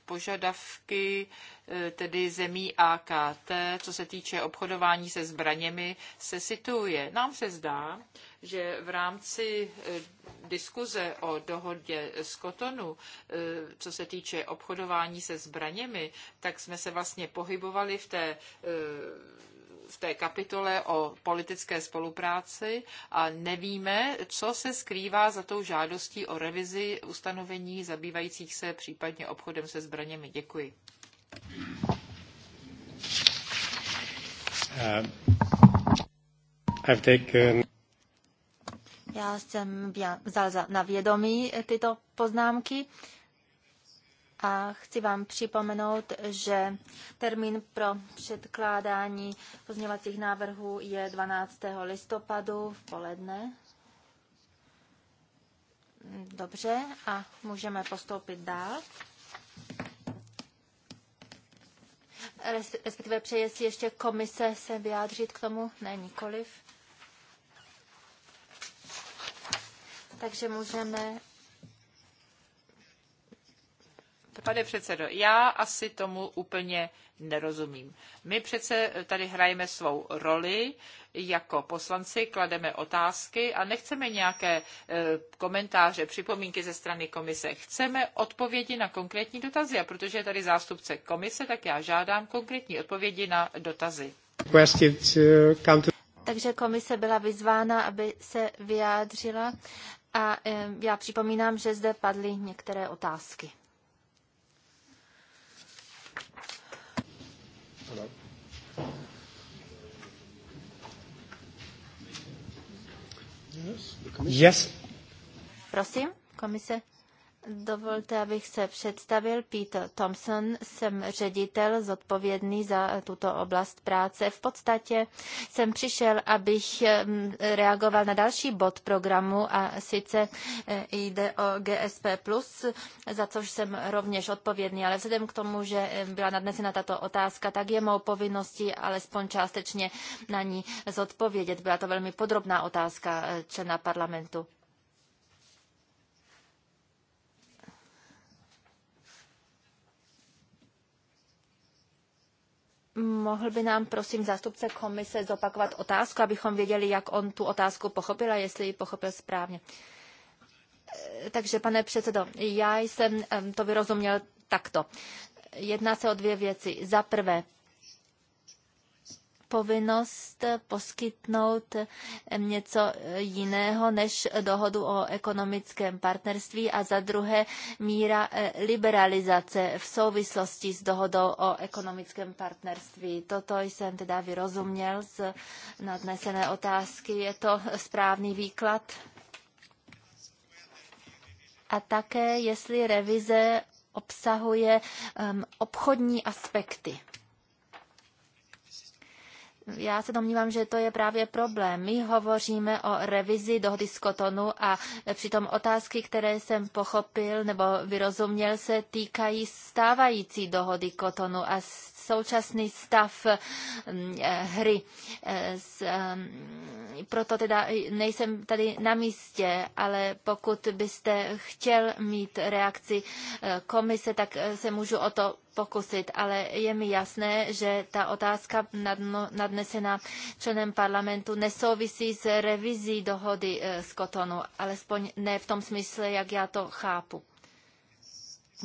požadavky eh, tedy zemí AKT, co se týče obchodování se zbraněmi, se situuje. Nám se zdá, že v rámci eh, diskuze o dohodě z Kotonu, eh, co se týče obchodování se zbraněmi, tak jsme se vlastně pohybovali v té v té kapitole o politické spolupráci a nevíme, co se skrývá za tou žádostí o revizi ustanovení zabývajících se případně obchodem se zbraněmi. Děkuji. Uh, Já jsem vzal na vědomí tyto poznámky a chci vám připomenout, že termín pro předkládání pozměňovacích návrhů je 12. listopadu v poledne. Dobře, a můžeme postoupit dál. Respektive přeje si ještě komise se vyjádřit k tomu? Ne, nikoliv. Takže můžeme Pane předsedo, já asi tomu úplně nerozumím. My přece tady hrajeme svou roli jako poslanci, klademe otázky a nechceme nějaké e, komentáře, připomínky ze strany komise. Chceme odpovědi na konkrétní dotazy a protože je tady zástupce komise, tak já žádám konkrétní odpovědi na dotazy. Takže komise byla vyzvána, aby se vyjádřila a e, já připomínám, že zde padly některé otázky. Hello. Yes, Yes. Prosím, komise. Dovolte, abych se představil. Peter Thompson, jsem ředitel zodpovědný za tuto oblast práce. V podstatě jsem přišel, abych mm, reagoval na další bod programu a sice eh, jde o GSP+, za což jsem rovněž odpovědný, ale vzhledem k tomu, že eh, byla nadnesena tato otázka, tak je mou povinností alespoň částečně na ní zodpovědět. Byla to velmi podrobná otázka eh, člena parlamentu. Mohl by nám, prosím, zástupce komise zopakovat otázku, abychom věděli, jak on tu otázku pochopil a jestli ji pochopil správně. Eh, takže, pane předsedo, já jsem to vyrozuměl takto. Jedná se o dvě věci. Za prvé, povinnost poskytnout něco jiného než dohodu o ekonomickém partnerství a za druhé míra e, liberalizace v souvislosti s dohodou o ekonomickém partnerství. Toto jsem teda vyrozuměl z nadnesené otázky. Je to správný výklad? A také, jestli revize obsahuje um, obchodní aspekty já se domnívám, že to je právě problém. My hovoříme o revizi dohody z Kotonu a přitom otázky, které jsem pochopil nebo vyrozuměl, se týkají stávající dohody Kotonu a současný stav eh, hry. Eh, eh, proto teda nejsem tady na místě, ale pokud byste chtěl mít reakci komise, tak se můžu o to pokusit, ale je mi jasné, že ta otázka nadnesená členem parlamentu nesouvisí s revizí dohody z Kotonu, alespoň ne v tom smysle, jak já to chápu.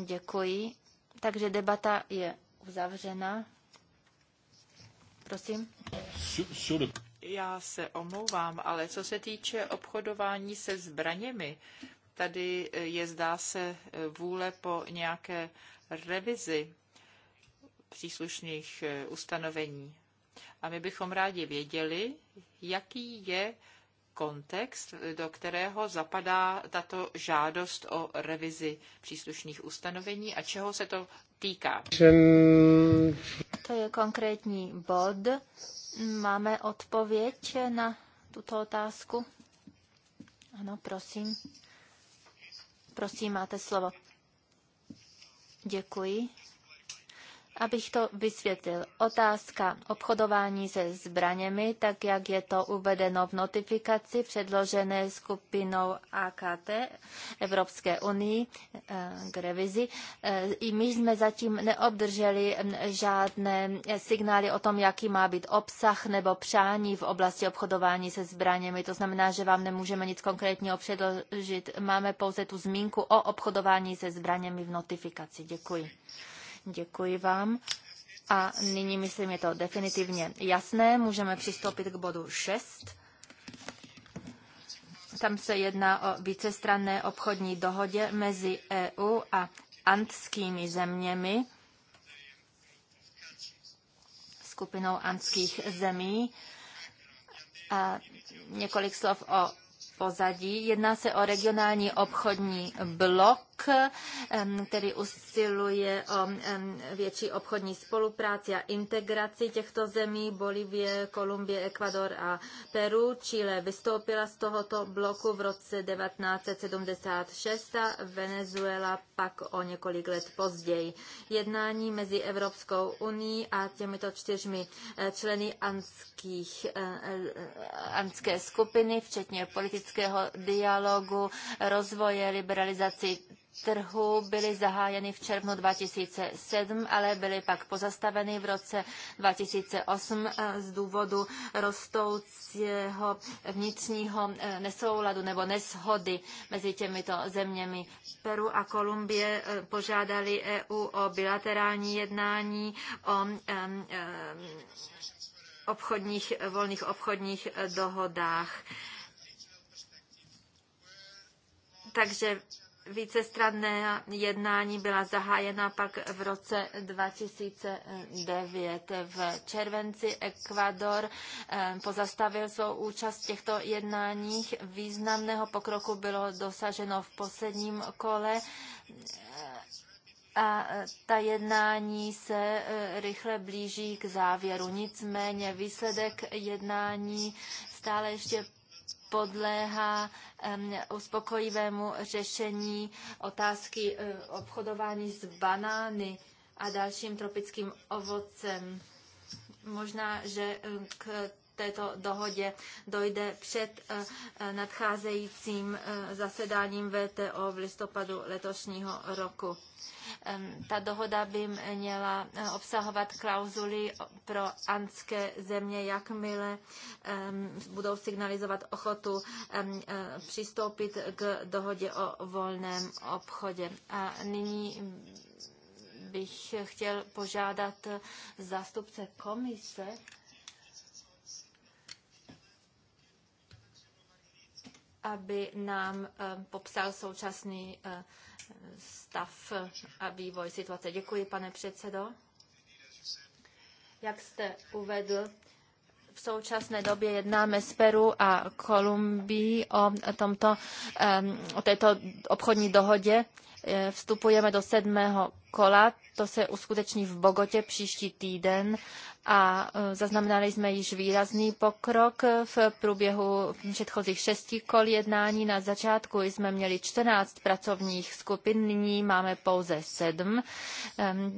Děkuji. Takže debata je uzavřena. Prosím. Já se omlouvám, ale co se týče obchodování se zbraněmi, tady eh, je zdá se eh, vůle po nějaké revizi příslušných eh, ustanovení. A my bychom rádi věděli, jaký je kontext, do kterého zapadá tato žádost o revizi příslušných ustanovení a čeho se to týká. To je konkrétní bod. Máme odpověď na tuto otázku? Ano, prosím. Prosím, máte slovo. Děkuji, Abych to vysvětlil, otázka obchodování se zbraněmi, tak jak je to uvedeno v notifikaci předložené skupinou AKT Evropské unii eh, k revizi, eh, i my jsme zatím neobdrželi mm, žádné signály o tom, jaký má být obsah nebo přání v oblasti obchodování se zbraněmi. To znamená, že vám nemůžeme nic konkrétního předložit. Máme pouze tu zmínku o obchodování se zbraněmi v notifikaci. Děkuji. Děkuji vám. A nyní, myslím, je to definitivně jasné. Můžeme přistoupit k bodu 6. Tam se jedná o vícestranné obchodní dohodě mezi EU a antskými zeměmi, skupinou antských zemí. A několik slov o pozadí. Jedná se o regionální obchodní blok který usiluje o větší obchodní spolupráci a integraci těchto zemí Bolivie, Kolumbie, Ekvador a Peru. Chile vystoupila z tohoto bloku v roce 1976 a Venezuela pak o několik let později. Jednání mezi Evropskou unii a těmito čtyřmi eh, členy anských, eh, eh, anské skupiny, včetně politického dialogu, rozvoje, liberalizaci trhu byly zahájeny v červnu 2007, ale byly pak pozastaveny v roce 2008 eh, z důvodu rostoucího vnitřního eh, nesouladu nebo neshody mezi těmito zeměmi. Peru a Kolumbie eh, požádali EU o bilaterální jednání o obchodních, volných obchodních dohodách. Takže vícestranné jednání byla zahájena pak v roce 2009. V červenci Ekvador eh, pozastavil svou účast v těchto jednáních. Významného pokroku bylo dosaženo v posledním kole eh, a ta jednání se eh, rychle blíží k závěru. Nicméně výsledek jednání stále ještě podléhá uspokojivému řešení otázky e, obchodování s banány a dalším tropickým ovocem. Možná, že e, k této dohodě dojde před eh, eh, nadcházejícím eh, zasedáním VTO v listopadu letošního roku. Ta dohoda by měla obsahovat klauzuly pro anské země, jakmile budou signalizovat ochotu přistoupit k dohodě o volném obchodě. A nyní bych chtěl požádat zástupce komise, aby nám eh, popsal současný eh, stav a vývoj situace. Děkuji, pane předsedo. Jak jste uvedl, v současné době jednáme s Peru a Kolumbií o, tomto, eh, o této obchodní dohodě. Vstupujeme do sedmého kola. To se uskuteční v Bogotě příští týden a e, zaznamenali jsme již výrazný pokrok v průběhu předchozích šesti kol jednání. Na začátku jsme měli 14 pracovních skupin, nyní máme pouze sedm.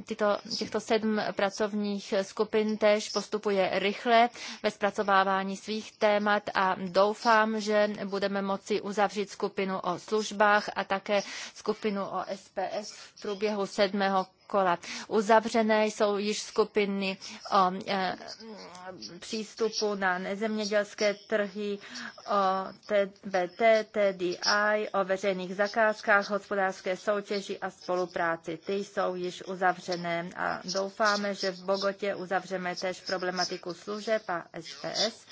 Tyto, těchto sedm pracovních skupin též postupuje rychle ve zpracovávání svých témat a doufám, že budeme moci uzavřít skupinu o službách a také skupinu o SPS v průběhu sedm sedmého kola. Uzavřené jsou již skupiny o e, přístupu na nezemědělské trhy, o TBT, TDI, o veřejných zakázkách, hospodářské soutěži a spolupráci. Ty jsou již uzavřené a doufáme, že v Bogotě uzavřeme tež problematiku služeb a SPS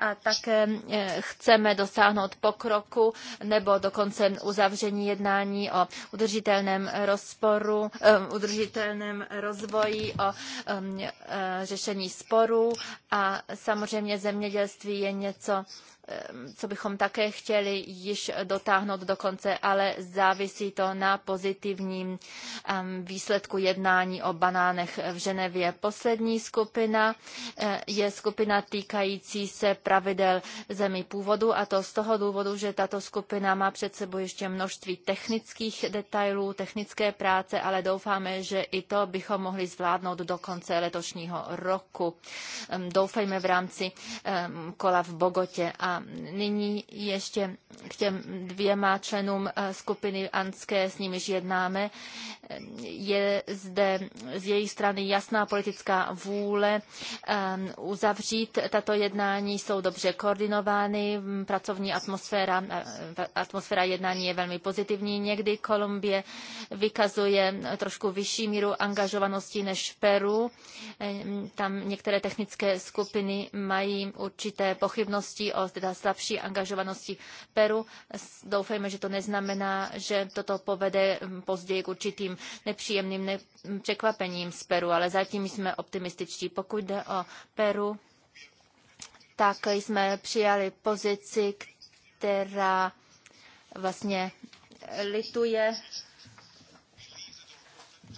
a také eh, chceme dosáhnout pokroku nebo dokonce uzavření jednání o udržitelném rozporu, eh, udržitelném rozvoji, o eh, řešení sporů a samozřejmě zemědělství je něco, Ehm, co bychom také chtěli již dotáhnout do konce, ale závisí to na pozitivním ehm, výsledku jednání o banánech v Ženevě. Poslední skupina eh, je skupina týkající se pravidel zemí původu a to z toho důvodu, že tato skupina má před sebou ještě množství technických detailů, technické práce, ale doufáme, že i to bychom mohli zvládnout do konce letošního roku. Ehm, doufejme v rámci kola v Bogotě a nyní ještě k těm dvěma členům eh, skupiny Anské, s nimiž jednáme. Je zde z její strany jasná politická vůle ehm, uzavřít tato jednání. Jsou dobře koordinovány, pracovní atmosféra, eh, atmosféra jednání je velmi pozitivní. Někdy Kolumbie vykazuje trošku vyšší míru angažovanosti než Peru. Ehm, tam některé technické skupiny mají určité pochybnosti o slabší angažovanosti Peru. Doufejme, že to neznamená, že toto povede hm, později k určitým nepříjemným překvapením z Peru, ale zatím jsme optimističtí. Pokud jde o Peru, tak jsme přijali pozici, která vlastně lituje,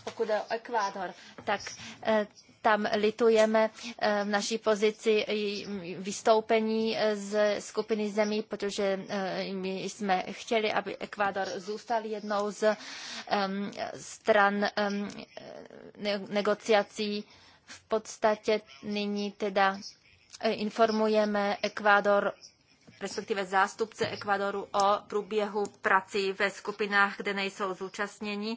pokud je o Ekvádor, tak eh, tam litujeme eh, v naší pozici vystoupení eh, z skupiny zemí, protože eh, my jsme chtěli, aby Ekvádor zůstal jednou z stran negociací. V podstatě nyní teda informujeme Ekvádor respektive zástupce Ekvadoru o průběhu prací ve skupinách, kde nejsou zúčastněni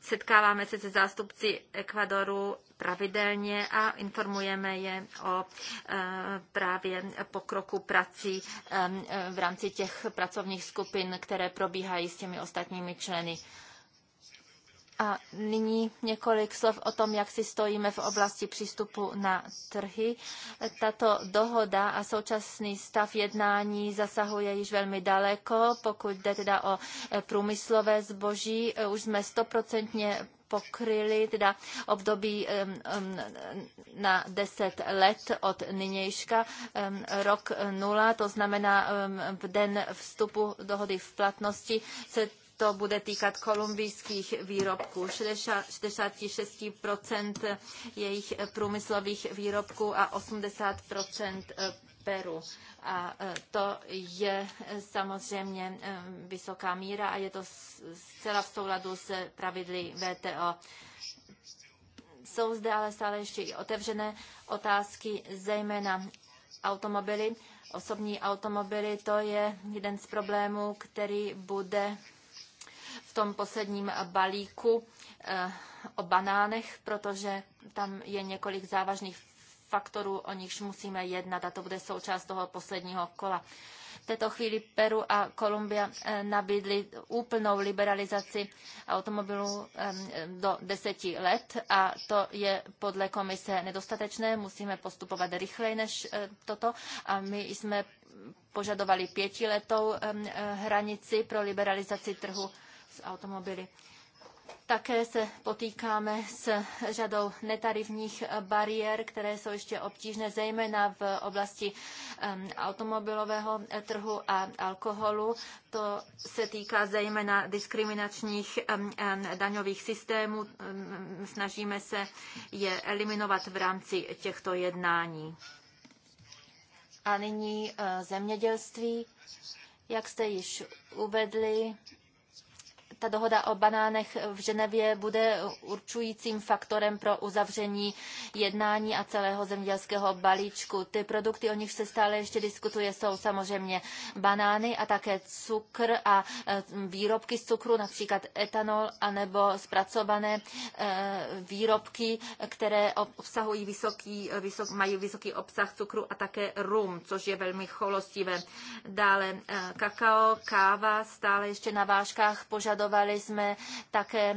setkáváme se se zástupci Ekvadoru pravidelně a informujeme je o eh, právě pokroku prací eh, v rámci těch pracovních skupin, které probíhají s těmi ostatními členy a nyní několik slov o tom, jak si stojíme v oblasti přístupu na trhy. Tato dohoda a současný stav jednání zasahuje již velmi daleko. Pokud jde teda o eh, průmyslové zboží, eh, už jsme stoprocentně pokryli teda období na 10 let od nynějška, rok nula, to znamená v den vstupu dohody v platnosti se to bude týkat kolumbijských výrobků. 66 jejich průmyslových výrobků a 80 eh, Peru. A eh, to je eh, samozřejmě vysoká míra a je to zcela v souladu s pravidly VTO. Jsou zde ale stále ještě i otevřené otázky, zejména automobily. Osobní automobily, to je jeden z problémů, který bude tom posledním balíku eh, o banánech, protože tam je několik závažných faktorů, o nichž musíme jednat a to bude součást toho posledního kola. V této chvíli Peru a Kolumbia eh, nabídly úplnou liberalizaci automobilů eh, do deseti let a to je podle komise nedostatečné. Musíme postupovat rychleji než toto a my jsme požadovali pětiletou hranici pro liberalizaci trhu s automobily. Také se potýkáme s řadou netarifních bariér, které jsou ještě obtížné, zejména v oblasti automobilového trhu a alkoholu. To se týká zejména diskriminačních daňových systémů. Snažíme se je eliminovat v rámci těchto jednání. A nyní eh, zemědělství. Jak jste již uvedli, ta dohoda o banánech v Ženevě bude určujícím faktorem pro uzavření jednání a celého zemědělského balíčku. Ty produkty, o nich se stále ještě diskutuje, jsou samozřejmě banány a také cukr a e, výrobky z cukru, například etanol, anebo zpracované e, výrobky, které obsahují vysoký, e, vysok, mají vysoký obsah cukru a také rum, což je velmi cholostivé. Dále kakao, káva stále ještě na vážkách požadované Ratifikovali jsme také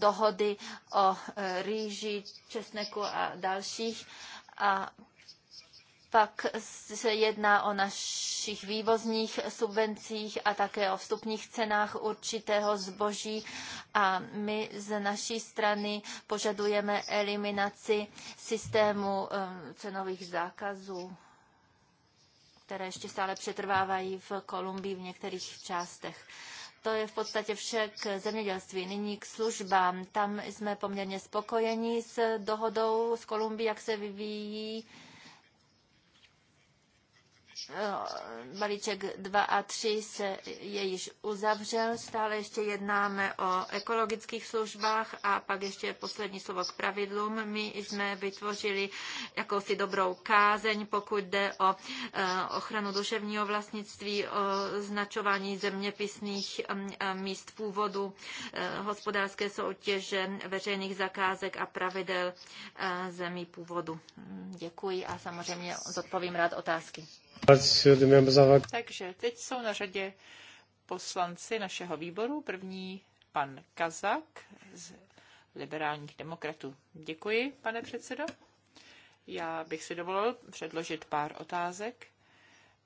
dohody o eh, rýži, česneku a dalších. A pak se jedná o našich vývozních subvencích a také o vstupních cenách určitého zboží a my z naší strany požadujeme eliminaci systému cenových zákazů, které ještě stále přetrvávají v Kolumbii v některých částech. To je v podstatě vše k zemědělství. Nyní k službám. Tam jsme poměrně spokojeni s dohodou s Kolumbií, jak se vyvíjí balíček 2 a 3 se je již uzavřel. Stále ještě jednáme o ekologických službách a pak ještě poslední slovo k pravidlům. My jsme vytvořili jakousi dobrou kázeň, pokud jde o eh, ochranu duševního vlastnictví, o značování zeměpisných mm, eh, míst původu, eh, hospodářské soutěže, veřejných zakázek a pravidel zemí původu. Děkuji a samozřejmě zodpovím rád otázky. Takže teď jsou na řadě poslanci našeho výboru. První pan Kazak z liberálních demokratů. Děkuji, pane předsedo. Já bych si dovolil předložit pár otázek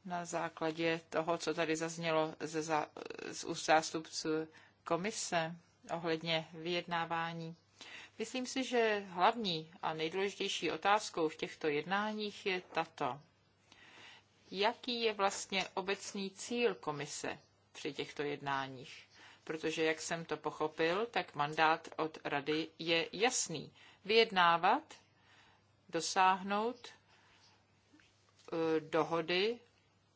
na základě toho, co tady zaznělo ze za, z úst zástupců komise ohledně vyjednávání. Myslím si, že hlavní a nejdůležitější otázkou v těchto jednáních je tato jaký je vlastně obecný cíl komise při těchto jednáních. Protože, jak jsem to pochopil, tak mandát od rady je jasný. Vyjednávat, dosáhnout e, dohody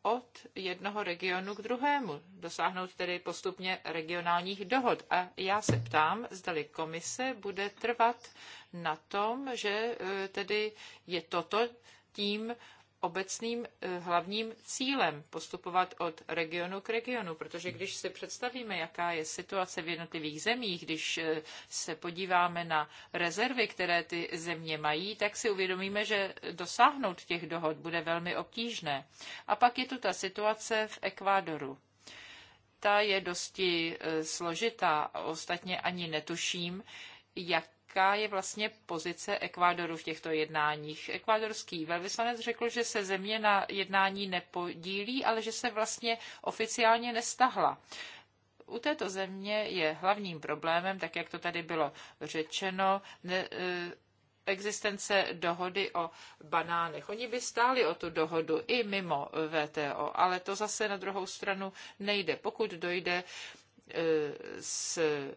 od jednoho regionu k druhému, dosáhnout tedy postupně regionálních dohod. A já se ptám, zdali komise bude trvat na tom, že e, tedy je toto tím obecným eh, hlavním cílem postupovat od regionu k regionu, protože když si představíme, jaká je situace v jednotlivých zemích, když eh, se podíváme na rezervy, které ty země mají, tak si uvědomíme, že dosáhnout těch dohod bude velmi obtížné. A pak je tu ta situace v Ekvádoru. Ta je dosti eh, složitá, ostatně ani netuším, jak jaká je vlastně pozice Ekvádoru v těchto jednáních. Ekvádorský velvyslanec řekl, že se země na jednání nepodílí, ale že se vlastně oficiálně nestahla. U této země je hlavním problémem, tak jak to tady bylo řečeno, ne, e, existence dohody o banánech. Oni by stáli o tu dohodu i mimo VTO, ale to zase na druhou stranu nejde. Pokud dojde e, s e,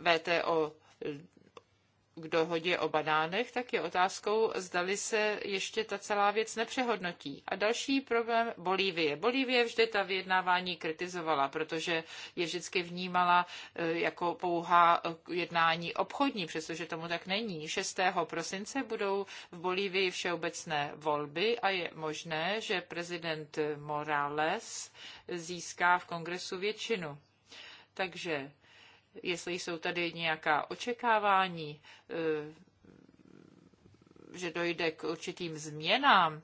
VTO k dohodě o banánech, tak je otázkou, zdali se ještě ta celá věc nepřehodnotí. A další problém Bolívie. Bolívie vždy ta vyjednávání kritizovala, protože je vždycky vnímala eh, jako pouhá eh, jednání obchodní, přestože tomu tak není. 6. prosince budou v Bolívii všeobecné volby a je možné, že prezident Morales získá v kongresu většinu. Takže jestli jsou tady nějaká očekávání, eh, že dojde k určitým změnám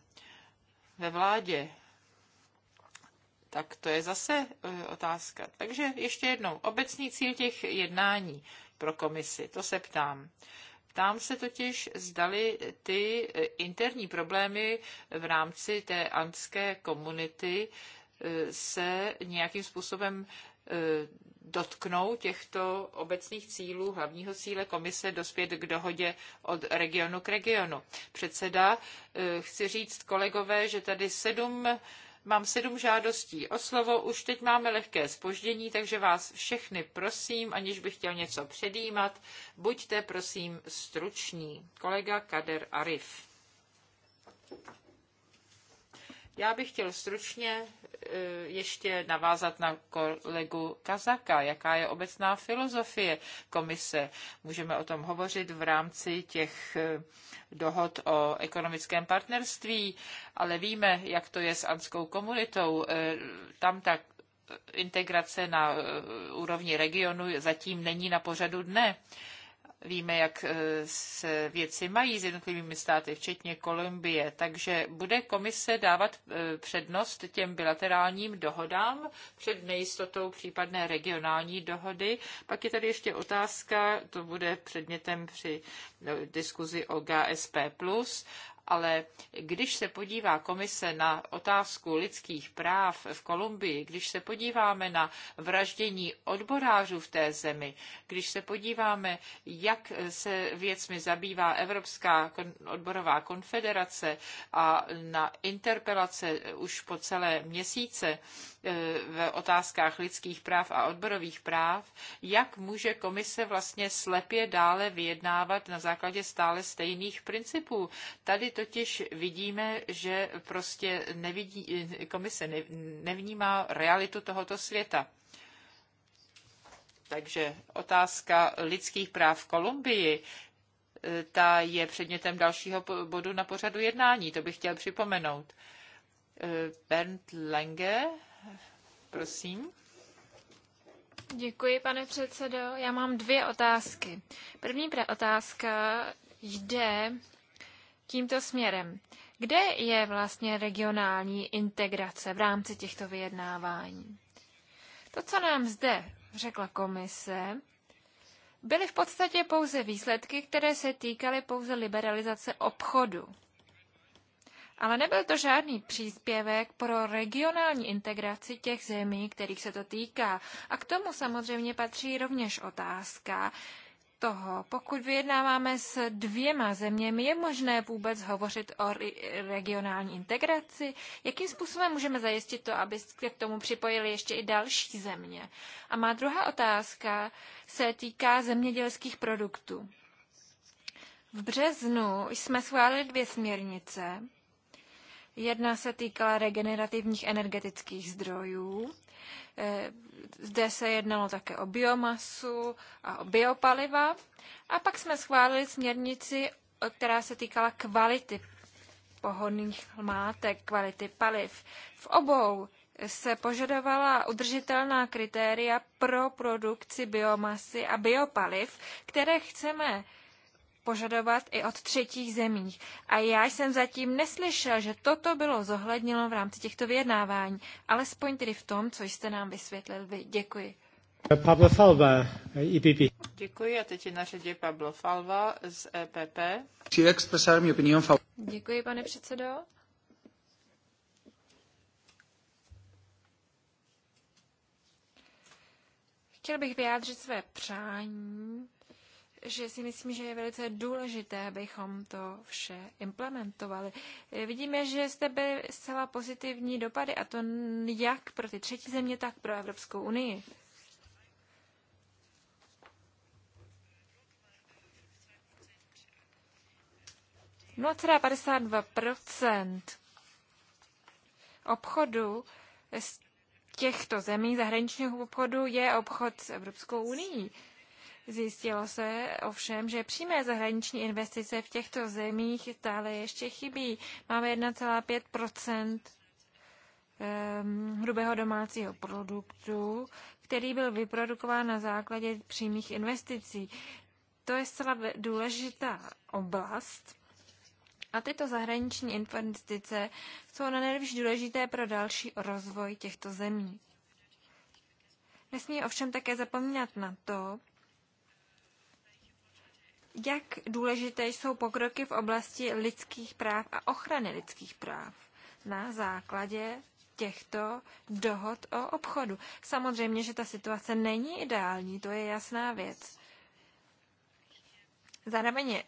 ve vládě, tak to je zase eh, otázka. Takže ještě jednou, obecný cíl těch jednání pro komisi, to se ptám. Ptám se totiž, zdali ty eh, interní problémy v rámci té antské komunity se nějakým způsobem E, dotknou těchto obecných cílů, hlavního cíle komise dospět k dohodě od regionu k regionu. Předseda, e, chci říct kolegové, že tady sedm Mám sedm žádostí o slovo, už teď máme lehké spoždění, takže vás všechny prosím, aniž bych chtěl něco předjímat, buďte prosím struční. Kolega Kader Arif. Já bych chtěl stručně e, ještě navázat na kolegu Kazaka, jaká je obecná filozofie komise. Můžeme o tom hovořit v rámci těch e, dohod o ekonomickém partnerství, ale víme, jak to je s anskou komunitou. E, tam tak integrace na úrovni regionu zatím není na pořadu dne. Víme, jak eh, se věci mají s jednotlivými státy, včetně Kolumbie. Takže bude komise dávat eh, přednost těm bilaterálním dohodám před nejistotou případné regionální dohody. Pak je tady ještě otázka, to bude předmětem při no, diskuzi o GSP+, ale když se podívá komise na otázku lidských práv v Kolumbii, když se podíváme na vraždění odborářů v té zemi, když se podíváme, jak se věcmi zabývá Evropská odborová konfederace a na interpelace už po celé měsíce eh, v otázkách lidských práv a odborových práv, jak může komise vlastně slepě dále vyjednávat na základě stále stejných principů. Tady totiž vidíme, že prostě nevidí, komise nevnímá realitu tohoto světa. Takže otázka lidských práv v Kolumbii, e, ta je předmětem dalšího bodu na pořadu jednání, to bych chtěl připomenout. E, Bernd Lange, prosím. Děkuji, pane předsedo. Já mám dvě otázky. První otázka jde tímto směrem. Kde je vlastně regionální integrace v rámci těchto vyjednávání? To, co nám zde řekla komise, byly v podstatě pouze výsledky, které se týkaly pouze liberalizace obchodu. Ale nebyl to žádný příspěvek pro regionální integraci těch zemí, kterých se to týká. A k tomu samozřejmě patří rovněž otázka, toho, pokud vyjednáváme s dvěma zeměmi, je možné vůbec hovořit o regionální integraci? Jakým způsobem můžeme zajistit to, aby se k tomu připojili ještě i další země? A má druhá otázka se týká zemědělských produktů. V březnu jsme schválili dvě směrnice. Jedna se týkala regenerativních energetických zdrojů eh, zde se jednalo také o biomasu a o biopaliva. A pak jsme schválili směrnici, která se týkala kvality pohodných látek, kvality paliv. V obou se požadovala udržitelná kritéria pro produkci biomasy a biopaliv, které chceme požadovat i od třetích zemí. A já jsem zatím neslyšel, že toto bylo zohledněno v rámci těchto vyjednávání, alespoň tedy v tom, co jste nám vysvětlil vy. Děkuji. Pablo Falva, EPP. Děkuji a teď je na řadě Pablo Falva z EPP. Děkuji, pane předsedo. Chtěl bych vyjádřit své přání že si myslím, že je velice důležité, abychom to vše implementovali. Eh, vidíme, že jste byli zcela pozitivní dopady, a to jak pro ty třetí země, tak pro Evropskou unii. No, teda 52% obchodu z těchto zemí zahraničního obchodu je obchod s Evropskou unii. Zjistilo se ovšem, že přímé zahraniční investice v těchto zemích stále ještě chybí. Máme 1,5 ehm, hrubého domácího produktu, který byl vyprodukován na základě přímých investicí. To je zcela důležitá oblast. A tyto zahraniční investice jsou na nejvíc důležité pro další rozvoj těchto zemí. Nesmí ovšem také zapomínat na to, jak důležité jsou pokroky v oblasti lidských práv a ochrany lidských práv na základě těchto dohod o obchodu. Samozřejmě, že ta situace není ideální, to je jasná věc. Zároveň je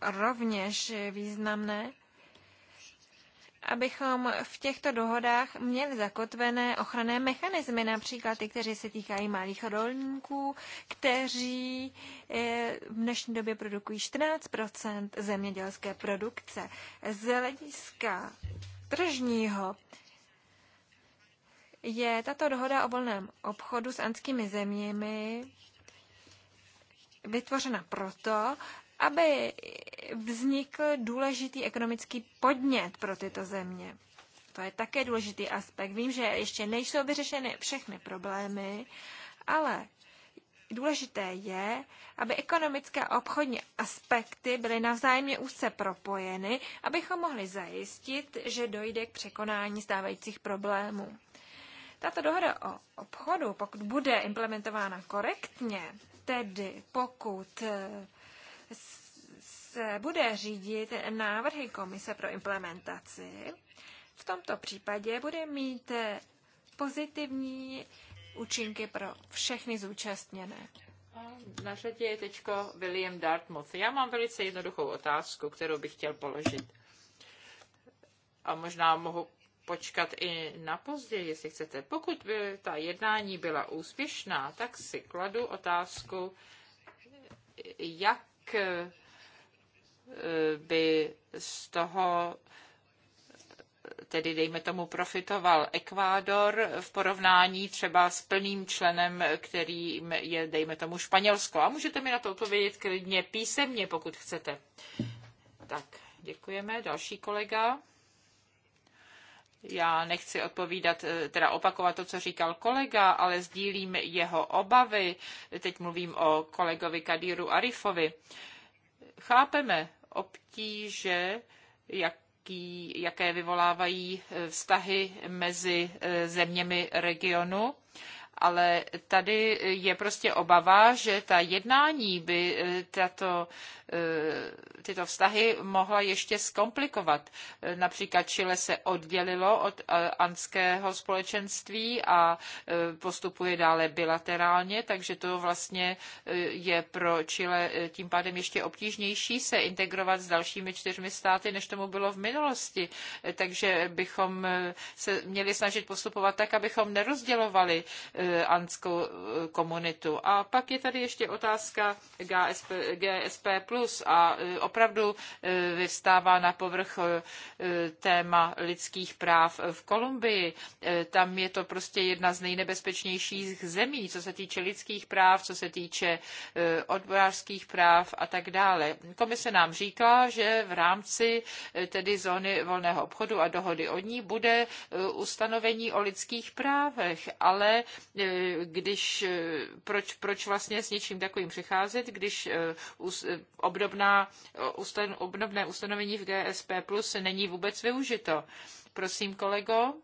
rovněž významné, abychom v těchto dohodách měli zakotvené ochranné mechanismy, například ty, kteří se týkají malých rolníků, kteří eh, v dnešní době produkují 14 zemědělské produkce. Z hlediska tržního je tato dohoda o volném obchodu s anskými zeměmi vytvořena proto, aby vznikl důležitý ekonomický podnět pro tyto země. To je také důležitý aspekt. Vím, že ještě nejsou vyřešeny všechny problémy, ale důležité je, aby ekonomické a obchodní aspekty byly navzájemně úzce propojeny, abychom mohli zajistit, že dojde k překonání stávajících problémů. Tato dohoda o obchodu, pokud bude implementována korektně, tedy pokud eh, se bude řídit návrhy Komise pro implementaci, v tomto případě bude mít pozitivní účinky pro všechny zúčastněné. Na řadě je teď William Dartmouth. Já mám velice jednoduchou otázku, kterou bych chtěl položit. A možná mohu počkat i na později, jestli chcete. Pokud by ta jednání byla úspěšná, tak si kladu otázku, jak by z toho tedy dejme tomu profitoval Ekvádor v porovnání třeba s plným členem, kterým je dejme tomu Španělsko. A můžete mi na to odpovědět klidně písemně, pokud chcete. Tak, děkujeme. Další kolega. Já nechci odpovídat, teda opakovat to, co říkal kolega, ale sdílím jeho obavy. Teď mluvím o kolegovi Kadíru Arifovi. Chápeme obtíže, jaký, jaké vyvolávají eh, vztahy mezi eh, zeměmi regionu ale tady je prostě obava, že ta jednání by eh, tato, eh, tyto vztahy mohla ještě zkomplikovat. Eh, například Chile se oddělilo od anského společenství a postupuje dále bilaterálně, takže to vlastně je pro Chile tím pádem ještě obtížnější se integrovat s dalšími čtyřmi státy, než tomu bylo v minulosti. Takže bychom se měli snažit postupovat tak, abychom nerozdělovali Eh, anskou eh, komunitu. A pak je tady ještě otázka GSP, GSP plus a eh, opravdu vystává na povrch téma lidských práv v Kolumbii. Tam je to prostě jedna z nejnebezpečnějších zemí, co se týče lidských práv, co se týče odborářských práv a tak dále. Komise nám říká, že v rámci tedy zóny volného obchodu a dohody od ní bude ustanovení o lidských právech, ale E, když, e, proč, proč vlastně s něčím takovým přicházet, když e, obdobná, obdobné ustanovení v GSP Plus není vůbec využito. Prosím, kolego.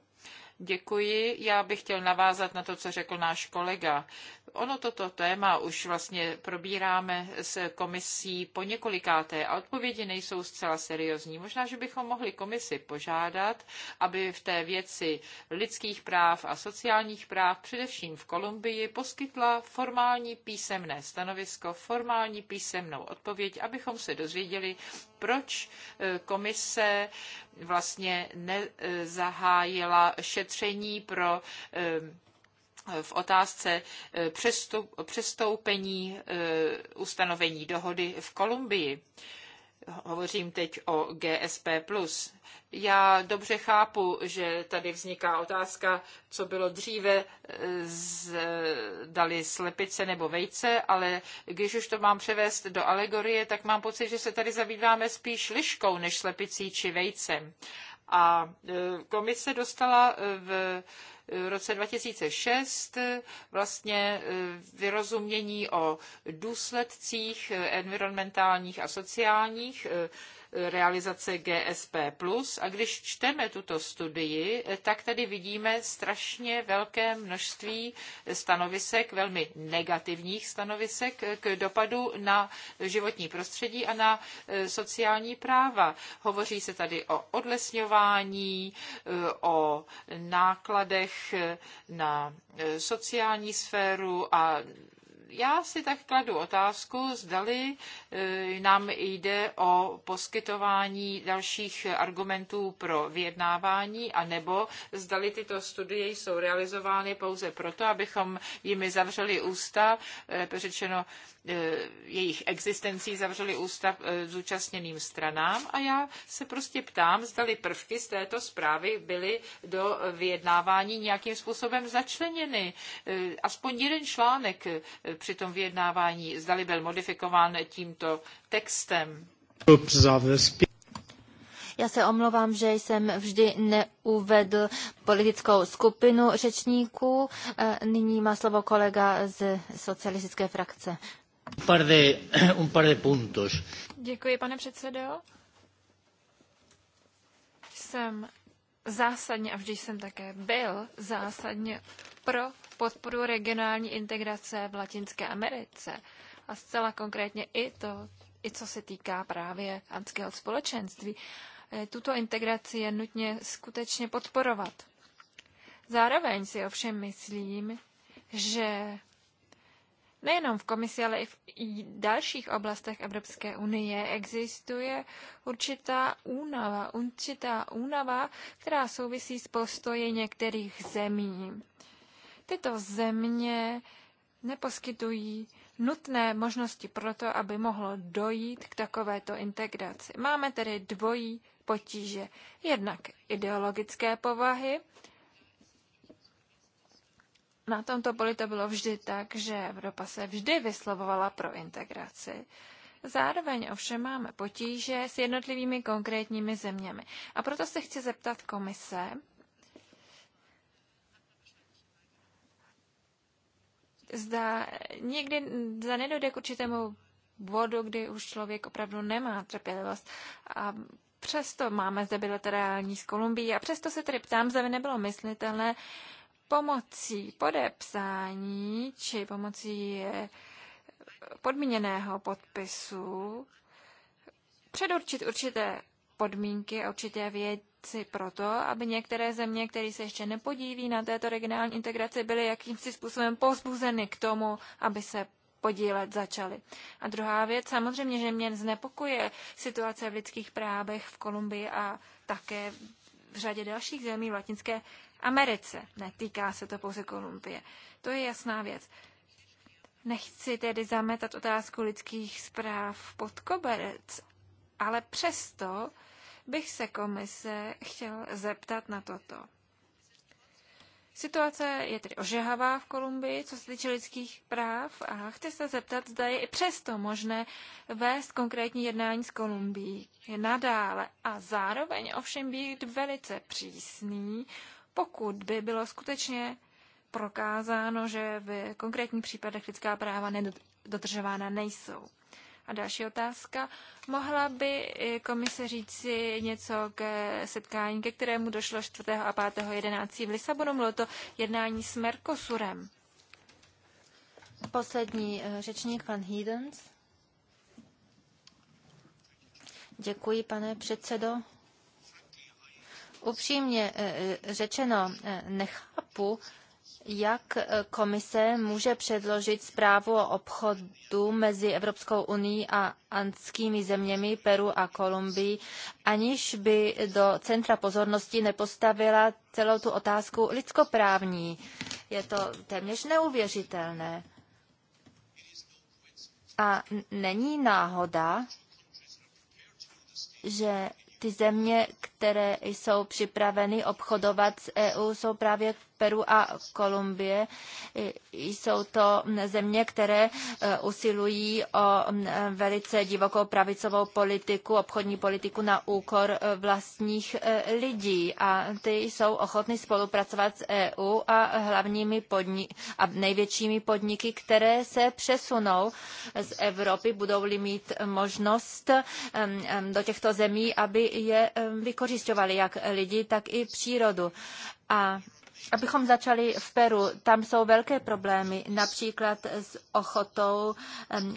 Děkuji. Já bych chtěl navázat na to, co řekl náš kolega. Ono toto téma už vlastně probíráme s komisí po několikáté a odpovědi nejsou zcela seriózní. Možná, že bychom mohli komisi požádat, aby v té věci lidských práv a sociálních práv, především v Kolumbii, poskytla formální písemné stanovisko, formální písemnou odpověď, abychom se dozvěděli, proč eh, komise vlastně nezahájila šetření pro eh, v otázce eh, přestoupení eh, ustanovení dohody v Kolumbii. Hovořím teď o GSP+. Já dobře chápu, že tady vzniká otázka, co bylo dříve, eh, z, dali slepice nebo vejce, ale když už to mám převést do alegorie, tak mám pocit, že se tady zavídáme spíš liškou než slepicí či vejcem. A eh, komise dostala eh, v v roce 2006 vlastně eh, vyrozumění o důsledcích eh, environmentálních a sociálních eh, realizace GSP+. A když čteme tuto studii, tak tady vidíme strašně velké množství stanovisek, velmi negativních stanovisek k dopadu na životní prostředí a na e, sociální práva. Hovoří se tady o odlesňování, e, o nákladech e, na sociální sféru a já si tak kladu otázku, zdali eh, nám jde o poskytování dalších argumentů pro vyjednávání, anebo zdali tyto studie jsou realizovány pouze proto, abychom jimi zavřeli ústa, eh, řečeno eh, jejich existencí zavřeli ústa zúčastněným stranám. A já se prostě ptám, zdali prvky z této zprávy byly do vyjednávání nějakým způsobem začleněny. Aspoň jeden článek při tom vyjednávání, zdali byl modifikován tímto textem. Já se omlouvám, že jsem vždy neuvedl politickou skupinu řečníků. E, nyní má slovo kolega z socialistické frakce. Par de, un par de Děkuji, pane předsedo. Jsem zásadně, a vždy jsem také byl zásadně pro podporu regionální integrace v Latinské Americe. A zcela konkrétně i to, i co se týká právě antského společenství. E, tuto integraci je nutně skutečně podporovat. Zároveň si ovšem myslím, že Nejenom v komisi, ale i v dalších oblastech Evropské unie existuje určitá únava, určitá únava, která souvisí s postoji některých zemí. Tyto země neposkytují nutné možnosti pro to, aby mohlo dojít k takovéto integraci. Máme tedy dvojí potíže. Jednak ideologické povahy na tomto poli to bylo vždy tak, že Evropa se vždy vyslovovala pro integraci. Zároveň ovšem máme potíže s jednotlivými konkrétními zeměmi. A proto se chci zeptat komise, zda někdy za nedojde k určitému bodu, kdy už člověk opravdu nemá trpělivost. A přesto máme zde bilaterální s Kolumbií a přesto se tedy ptám, zda by nebylo myslitelné pomocí podepsání či pomocí eh, podmíněného podpisu předurčit určité podmínky a určité věci pro to, aby některé země, které se ještě nepodíví na této regionální integraci, byly jakýmsi způsobem pozbuzeny k tomu, aby se podílet začaly. A druhá věc, samozřejmě, že mě znepokuje situace v lidských právech v Kolumbii a také v řadě dalších zemí v Latinské Americe. Netýká se to pouze Kolumbie. To je jasná věc. Nechci tedy zametat otázku lidských zpráv pod koberec, ale přesto bych se komise chtěl zeptat na toto. Situace je tedy ožehavá v Kolumbii, co se týče lidských práv a chci se zeptat, zda je i přesto možné vést konkrétní jednání s Kolumbií nadále a zároveň ovšem být velice přísný pokud by bylo skutečně prokázáno, že v konkrétních případech lidská práva nedodržována nejsou. A další otázka. Mohla by komise říci něco k setkání, ke kterému došlo 4. a 5. 11. v Lisabonu? Bylo to jednání s Mercosurem. Poslední eh, řečník, pan Hedens. Děkuji, pane předsedo. Upřímně eh, eh, řečeno, eh, nechápu, jak komise může předložit zprávu o obchodu mezi Evropskou unii a andskými zeměmi Peru a Kolumbii, aniž by do centra pozornosti nepostavila celou tu otázku lidskoprávní. Je to téměř neuvěřitelné. A není náhoda, že ty země, které které jsou připraveny obchodovat s EU, jsou právě Peru a Kolumbie. Jsou to země, které e, usilují o velice divokou pravicovou politiku, obchodní politiku na úkor e, vlastních e, lidí a ty jsou ochotny spolupracovat s EU a hlavními podni- a největšími podniky, které se přesunou z Evropy, budou-li mít možnost do těchto zemí, aby je vykořistili vykořišťovali jak lidi, tak i přírodu. A Abychom začali v Peru, tam jsou velké problémy, například s ochotou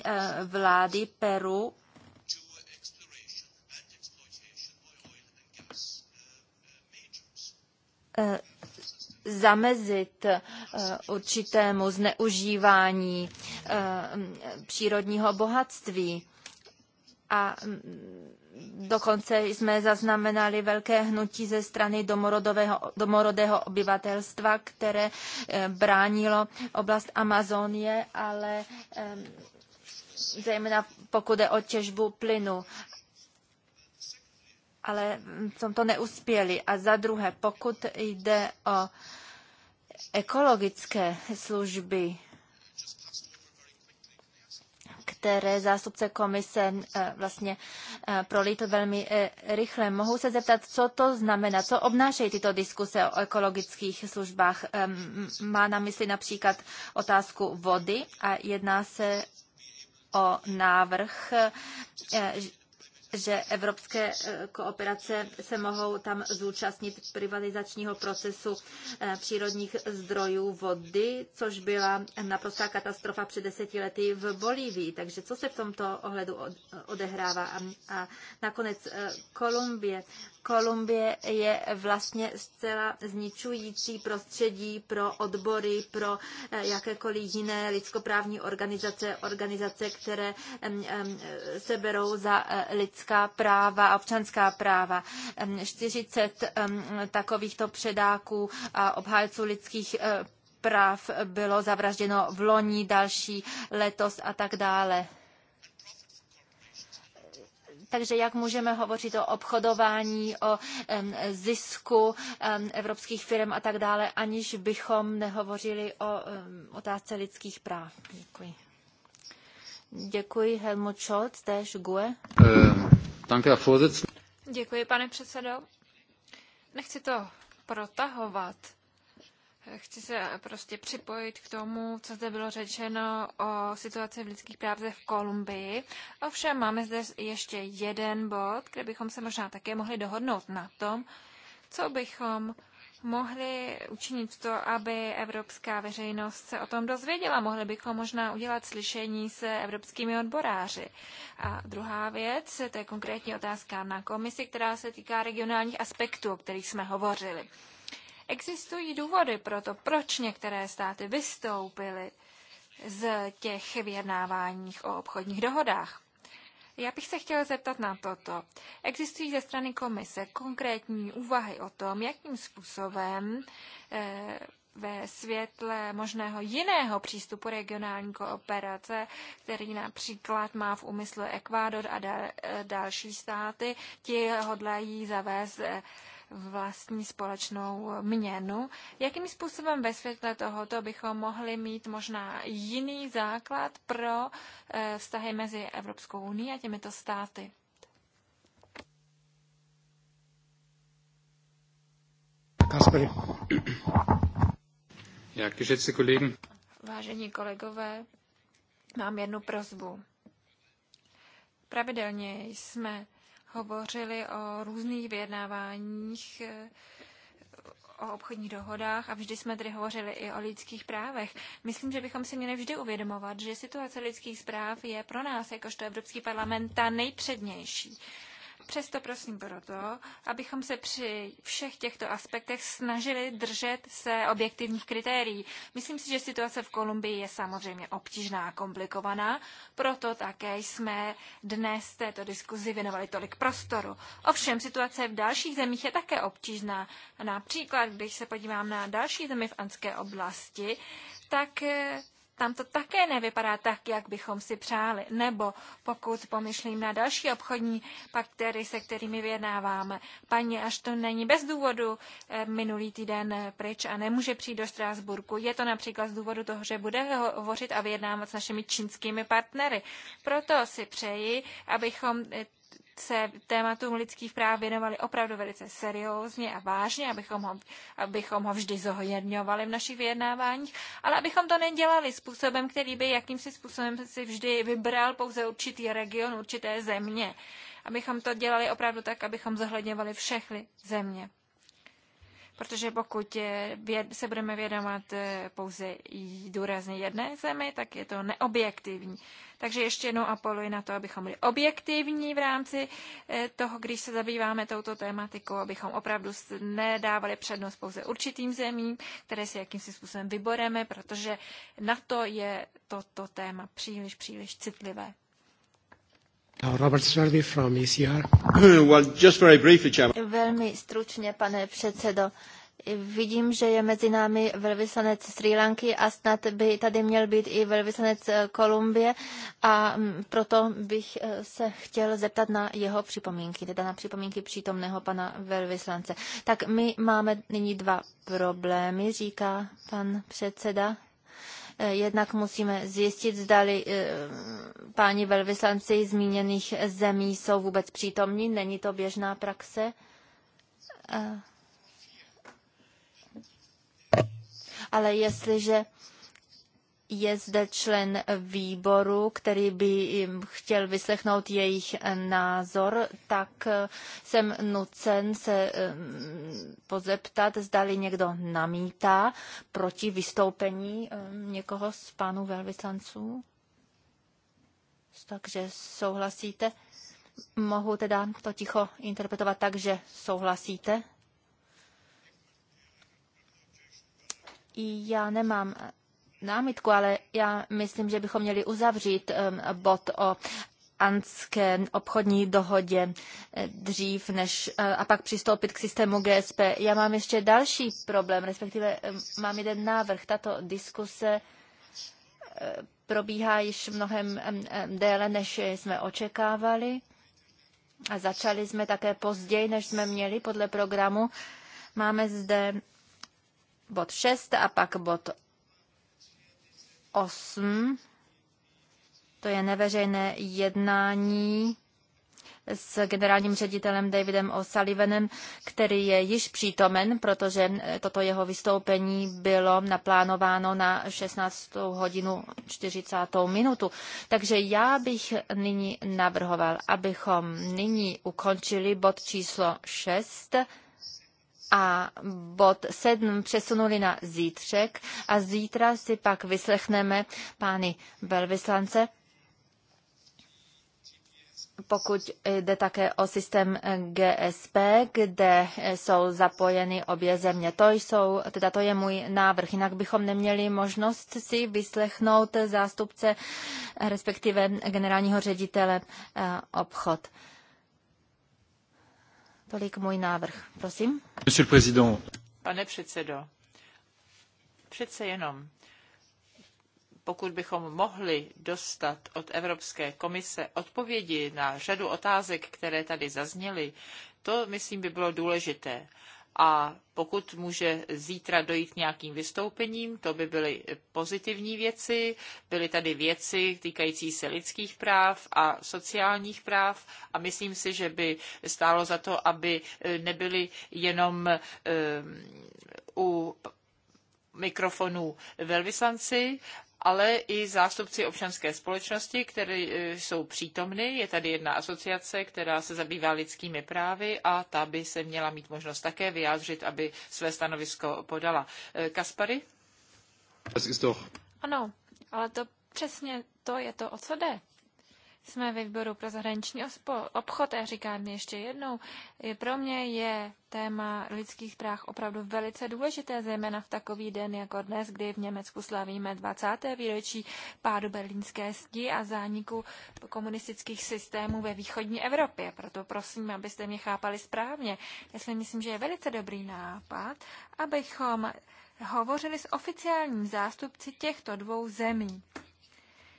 eh, vlády Peru eh, zamezit eh, určitému zneužívání přírodního bohatství. A mm, Dokonce jsme zaznamenali velké hnutí ze strany domorodého obyvatelstva, které eh, bránilo oblast Amazonie, ale eh, zejména pokud je o těžbu plynu. Ale hm, v tomto neuspěli. A za druhé, pokud jde o ekologické služby, které zástupce komise eh, vlastně eh, prolítl velmi eh, rychle. Mohu se zeptat, co to znamená, co obnášejí tyto diskuse o ekologických službách. Má na mysli například otázku vody a jedná se o návrh že evropské eh, kooperace se mohou tam zúčastnit privatizačního procesu eh, přírodních zdrojů vody, což byla naprostá katastrofa před deseti lety v Bolívii. Takže co se v tomto ohledu odehrává? A nakonec eh, Kolumbie Kolumbie je vlastně zcela zničující prostředí pro odbory, pro eh, jakékoliv jiné lidskoprávní organizace, organizace, které se berou za eh, lidská práva, občanská práva. 40 takovýchto předáků a obhájců lidských eh, práv bylo zavražděno v loni, další letos a tak dále. Takže jak můžeme hovořit o obchodování, o zisku evropských firm a tak dále, aniž bychom nehovořili o otázce lidských práv. Děkuji. Děkuji Helmut Scholz, též GUE. Eh, Děkuji, pane předsedo. Nechci to protahovat, Chci se prostě připojit k tomu, co zde bylo řečeno o situaci v lidských právech v Kolumbii. Ovšem máme zde ještě jeden bod, kde bychom se možná také mohli dohodnout na tom, co bychom mohli učinit to, aby evropská veřejnost se o tom dozvěděla. Mohli bychom možná udělat slyšení se evropskými odboráři. A druhá věc, to je konkrétní otázka na komisi, která se týká regionálních aspektů, o kterých jsme hovořili. Existují důvody pro to, proč některé státy vystoupily z těch vyjednáváních o obchodních dohodách. Já bych se chtěla zeptat na toto. Existují ze strany komise konkrétní úvahy o tom, jakým způsobem eh, ve světle možného jiného přístupu regionální kooperace, který například má v úmyslu Ekvádor a eh, další státy, ti hodlají zavést eh, vlastní společnou měnu. Jakým způsobem ve světle tohoto bychom mohli mít možná jiný základ pro eh, vztahy mezi Evropskou unii a těmito státy? Kaspery. Já, geschätzte Kollegen. Vážení kolegové, mám jednu prozbu. Pravidelně jsme hovořili o různých vyjednáváních, eh, o obchodních dohodách a vždy jsme tedy hovořili i o lidských právech. Myslím, že bychom si měli vždy uvědomovat, že situace lidských práv je pro nás, jakožto Evropský parlament, ta nejpřednější. Přesto prosím proto, abychom se při všech těchto aspektech snažili držet se objektivních kritérií. Myslím si, že situace v Kolumbii je samozřejmě obtížná a komplikovaná, proto také jsme dnes této diskuzi věnovali tolik prostoru. Ovšem, situace v dalších zemích je také obtížná. Například, když se podívám na další zemi v Anské oblasti, tak eh, tam to také nevypadá tak, jak bychom si přáli. Nebo pokud pomyšlím na další obchodní paktery, se kterými vyjednáváme, paní až to není bez důvodu eh, minulý týden pryč a nemůže přijít do Strásburku. Je to například z důvodu toho, že bude hovořit a vyjednávat s našimi čínskými partnery. Proto si přeji, abychom eh, se tématům lidských práv věnovali opravdu velice seriózně a vážně, abychom ho, abychom ho vždy zohledňovali v našich vyjednáváních, ale abychom to nedělali způsobem, který by jakýmsi způsobem si vždy vybral pouze určitý region, určité země. Abychom to dělali opravdu tak, abychom zohledňovali všechny země protože pokud se budeme vědomat eh, pouze důrazně jedné zemi, tak je to neobjektivní. Takže ještě jednou apeluji na to, abychom byli objektivní v rámci eh, toho, když se zabýváme touto tématikou, abychom opravdu nedávali přednost pouze určitým zemím, které si jakýmsi způsobem vyboreme, protože na to je toto téma příliš, příliš citlivé. Robert Sturdy from ECR. Well, just very briefly, Chairman. Velmi stručně, pane předsedo. Vidím, že je mezi námi velvyslanec Sri Lanky a snad by tady měl být i velvyslanec eh, Kolumbie a mm, proto bych eh, se chtěl zeptat na jeho připomínky, teda na připomínky přítomného pana velvyslance. Tak my máme nyní dva problémy, říká pan předseda. Eh, jednak musíme zjistit, zdali eh, páni velvyslanci zmíněných zemí jsou vůbec přítomní. Není to běžná praxe. Eh, ale jestliže je zde člen výboru, který by jim chtěl vyslechnout jejich eh, názor, tak eh, jsem nucen se eh, pozeptat, zdali někdo namítá proti vystoupení někoho z pánů velvyslanců. Takže souhlasíte? Mohu teda to ticho interpretovat tak, že souhlasíte? I já nemám námitku, ale já myslím, že bychom měli uzavřít um, bod o anské obchodní dohodě eh, dřív, než eh, a pak přistoupit k systému GSP. Já mám ještě další problém, respektive eh, mám jeden návrh. Tato diskuse probíhá již mnohem déle, než jsme očekávali a začali jsme také později, než jsme měli podle programu. Máme zde bod 6 a pak bod 8, to je neveřejné jednání s generálním ředitelem Davidem O'Sullivanem, který je již přítomen, protože toto jeho vystoupení bylo naplánováno na 16 hodinu 40 minutu. Takže já bych nyní navrhoval, abychom nyní ukončili bod číslo 6 a bod 7 přesunuli na zítřek a zítra si pak vyslechneme pány velvyslance, pokud jde také o systém GSP, kde jsou zapojeny obě země. To, jsou, teda to je můj návrh. Jinak bychom neměli možnost si vyslechnout zástupce, respektive generálního ředitele eh, obchod. Tolik můj návrh. Prosím. Pane předsedo, přece jenom pokud bychom mohli dostat od Evropské komise odpovědi na řadu otázek, které tady zazněly, to, myslím, by bylo důležité a pokud může zítra dojít k nějakým vystoupením, to by byly pozitivní věci. Byly tady věci týkající se lidských práv a sociálních práv a myslím si, že by stálo za to, aby eh, nebyly jenom eh, u mikrofonů velvyslanci, ale i zástupci občanské společnosti, které e, jsou přítomny. Je tady jedna asociace, která se zabývá lidskými právy a ta by se měla mít možnost také vyjádřit, aby své stanovisko podala. E, Kaspary? Ano, ale to přesně to je to, o co jde jsme ve výboru pro zahraniční obchod a říkám ještě jednou, pro mě je téma lidských práv opravdu velice důležité, zejména v takový den jako dnes, kdy v Německu slavíme 20. výročí pádu berlínské zdi a zániku komunistických systémů ve východní Evropě. Proto prosím, abyste mě chápali správně. Já si myslím, že je velice dobrý nápad, abychom hovořili s oficiálním zástupci těchto dvou zemí.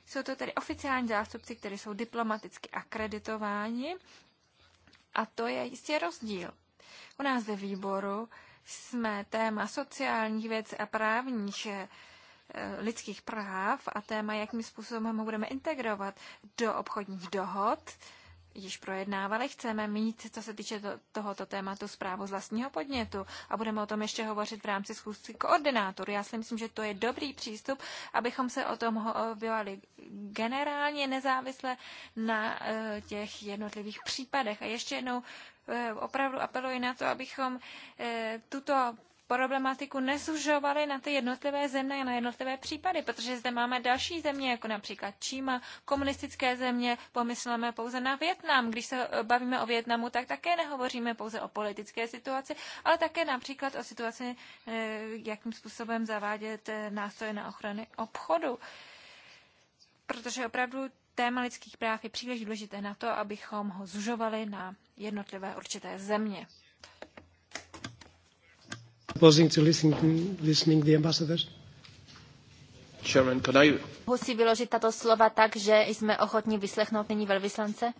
Jsou to tedy oficiální zástupci, kteří jsou diplomaticky akreditováni a to je jistě rozdíl. U nás ve výboru jsme téma sociálních věcí a právních eh, lidských práv a téma, jakým způsobem ho budeme integrovat do obchodních dohod, již projednávali. Chceme mít, co se týče to, tohoto tématu, zprávu z vlastního podnětu a budeme o tom ještě hovořit v rámci schůzky koordinátorů. Já si myslím, že to je dobrý přístup, abychom se o tom objevali generálně nezávisle na e, těch jednotlivých případech. A ještě jednou e, opravdu apeluji na to, abychom e, tuto problematiku nezužovali na ty jednotlivé země a na jednotlivé případy, protože zde máme další země, jako například Číma, komunistické země, pomysleme pouze na Větnam. Když se bavíme o Větnamu, tak také nehovoříme pouze o politické situaci, ale také například o situaci, eh, jakým způsobem zavádět eh, nástroje na ochrany obchodu. Protože opravdu téma lidských práv je příliš důležité na to, abychom ho zužovali na jednotlivé určité země opposing to listening, listening the ambassadors? Chairman, could I... Musí vyložit tato slova tak, že jsme ochotní vyslechnout nyní velvyslance.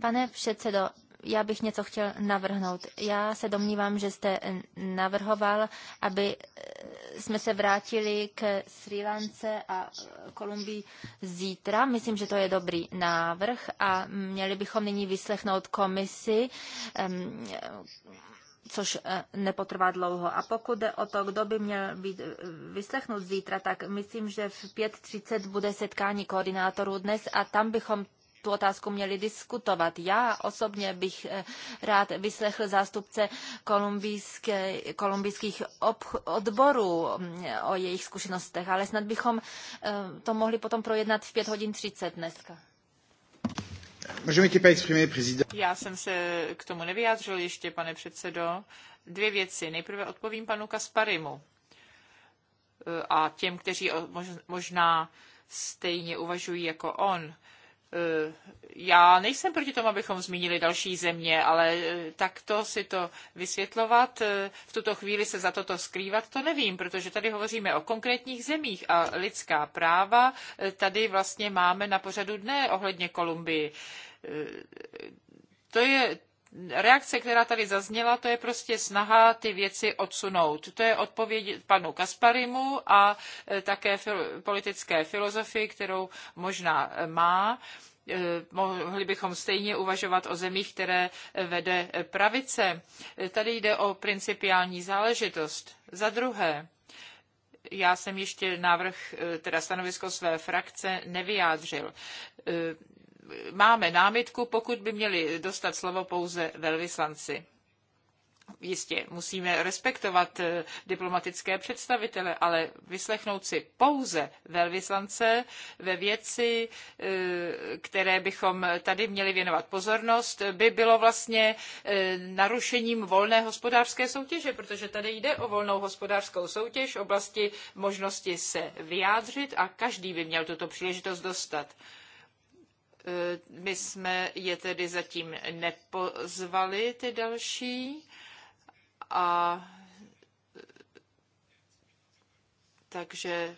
Pane předsedo, já bych něco chtěl navrhnout. Já se domnívám, že jste navrhoval, aby eh, jsme se vrátili k Sri Lance a Kolumbii zítra. Myslím, že to je dobrý návrh a měli bychom nyní vyslechnout komisi, což eh, nepotrvá dlouho. A pokud jde o to, kdo by měl být eh, vyslechnut zítra, tak myslím, že v 5.30 bude setkání koordinátorů dnes a tam bychom tu otázku měli diskutovat. Já osobně bych eh, rád vyslechl zástupce kolumbijské, kolumbijských ob, odborů mm, o jejich zkušenostech, ale snad bychom to mohli potom projednat v 5 hodin 30 dneska. Já jsem se k tomu nevyjádřil ještě, pane předsedo. Dvě věci. Nejprve odpovím panu Kasparimu e, a těm, kteří možná stejně uvažují jako on. Eh, já nejsem proti tomu, abychom zmínili další země, ale eh, takto si to vysvětlovat, eh, v tuto chvíli se za toto skrývat, to nevím, protože tady hovoříme o konkrétních zemích a lidská práva tady vlastně máme na pořadu dne ohledně Kolumbii. To je reakce, která tady zazněla, to je prostě snaha ty věci odsunout. To je odpověď panu Kasparimu a e, také politické filozofii, kterou možná e, má e, mohli bychom stejně uvažovat o zemích, které vede pravice. Tady jde o principiální záležitost. Za druhé, já jsem ještě návrh, teda stanovisko své frakce nevyjádřil máme námitku, pokud by měli dostat slovo pouze velvyslanci. Jistě musíme respektovat eh, diplomatické představitele, ale vyslechnout si pouze velvyslance ve věci, eh, které bychom tady měli věnovat pozornost, by bylo vlastně eh, narušením volné hospodářské soutěže, protože tady jde o volnou hospodářskou soutěž v oblasti možnosti se vyjádřit a každý by měl tuto příležitost dostat. Eh, my jsme je tedy zatím nepozvali, ty další. A takže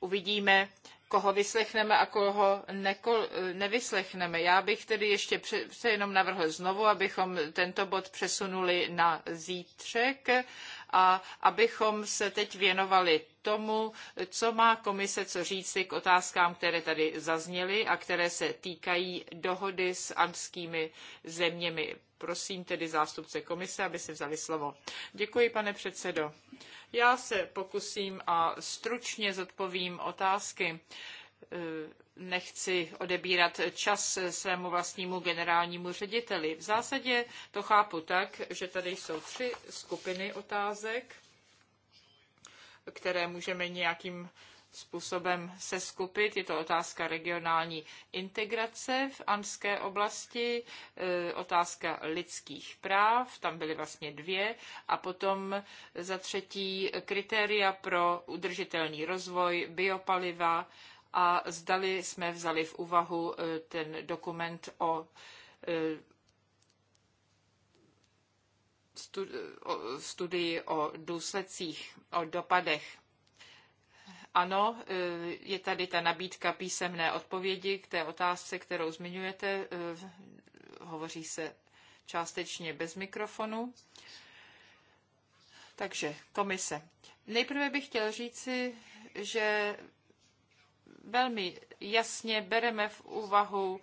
uvidíme, koho vyslechneme a koho neko, eh, nevyslechneme. Já bych tedy ještě přece jenom navrhl znovu, abychom tento bod přesunuli na zítřek a abychom se teď věnovali tomu, co má komise co říci k otázkám, které tady zazněly a které se týkají dohody s andskými zeměmi. Prosím tedy zástupce komise, aby si vzali slovo. Děkuji, pane předsedo. Já se pokusím a stručně zodpovím otázky nechci odebírat čas svému vlastnímu generálnímu řediteli. V zásadě to chápu tak, že tady jsou tři skupiny otázek, které můžeme nějakým způsobem seskupit. Je to otázka regionální integrace v anské oblasti, eh, otázka lidských práv, tam byly vlastně dvě, a potom za třetí kritéria pro udržitelný rozvoj biopaliva, a zdali jsme vzali v úvahu e, ten dokument e, e, o studii o důsledcích, o dopadech. Ano, je tady ta nabídka písemné odpovědi k té otázce, kterou zmiňujete. Hovoří se částečně bez mikrofonu. Takže komise. Nejprve bych chtěl říci, že velmi jasně bereme v úvahu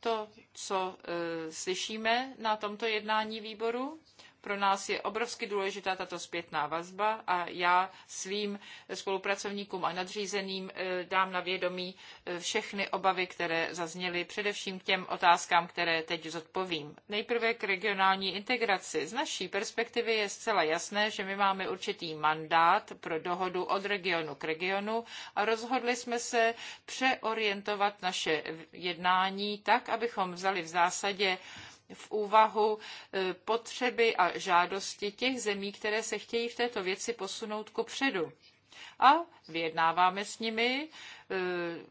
to, co e, slyšíme na tomto jednání výboru pro nás je obrovsky důležitá tato zpětná vazba a já svým spolupracovníkům a nadřízeným eh, dám na vědomí eh, všechny obavy, které zazněly především k těm otázkám, které teď zodpovím. Nejprve k regionální integraci. Z naší perspektivy je zcela jasné, že my máme určitý mandát pro dohodu od regionu k regionu a rozhodli jsme se přeorientovat naše jednání tak, abychom vzali v zásadě v úvahu e, potřeby a žádosti těch zemí, které se chtějí v této věci posunout ku předu. A vyjednáváme s nimi e,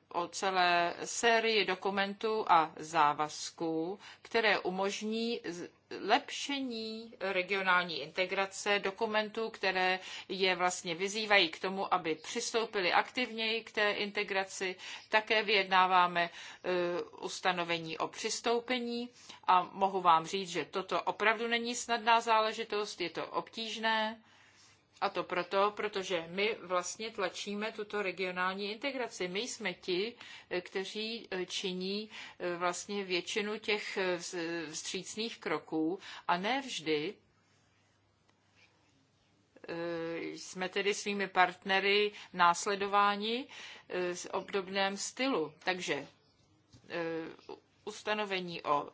o celé sérii dokumentů a závazků, které umožní zlepšení regionální integrace dokumentů, které je vlastně vyzývají k tomu, aby přistoupili aktivněji k té integraci. Také vyjednáváme eh, ustanovení o přistoupení a mohu vám říct, že toto opravdu není snadná záležitost, je to obtížné a to proto, protože my vlastně tlačíme tuto regionální integraci. My jsme ti, eh, kteří eh, činí eh, vlastně většinu těch vstřícných kroků a ne vždy jsme tedy svými partnery následováni v obdobném stylu. Takže ustanovení o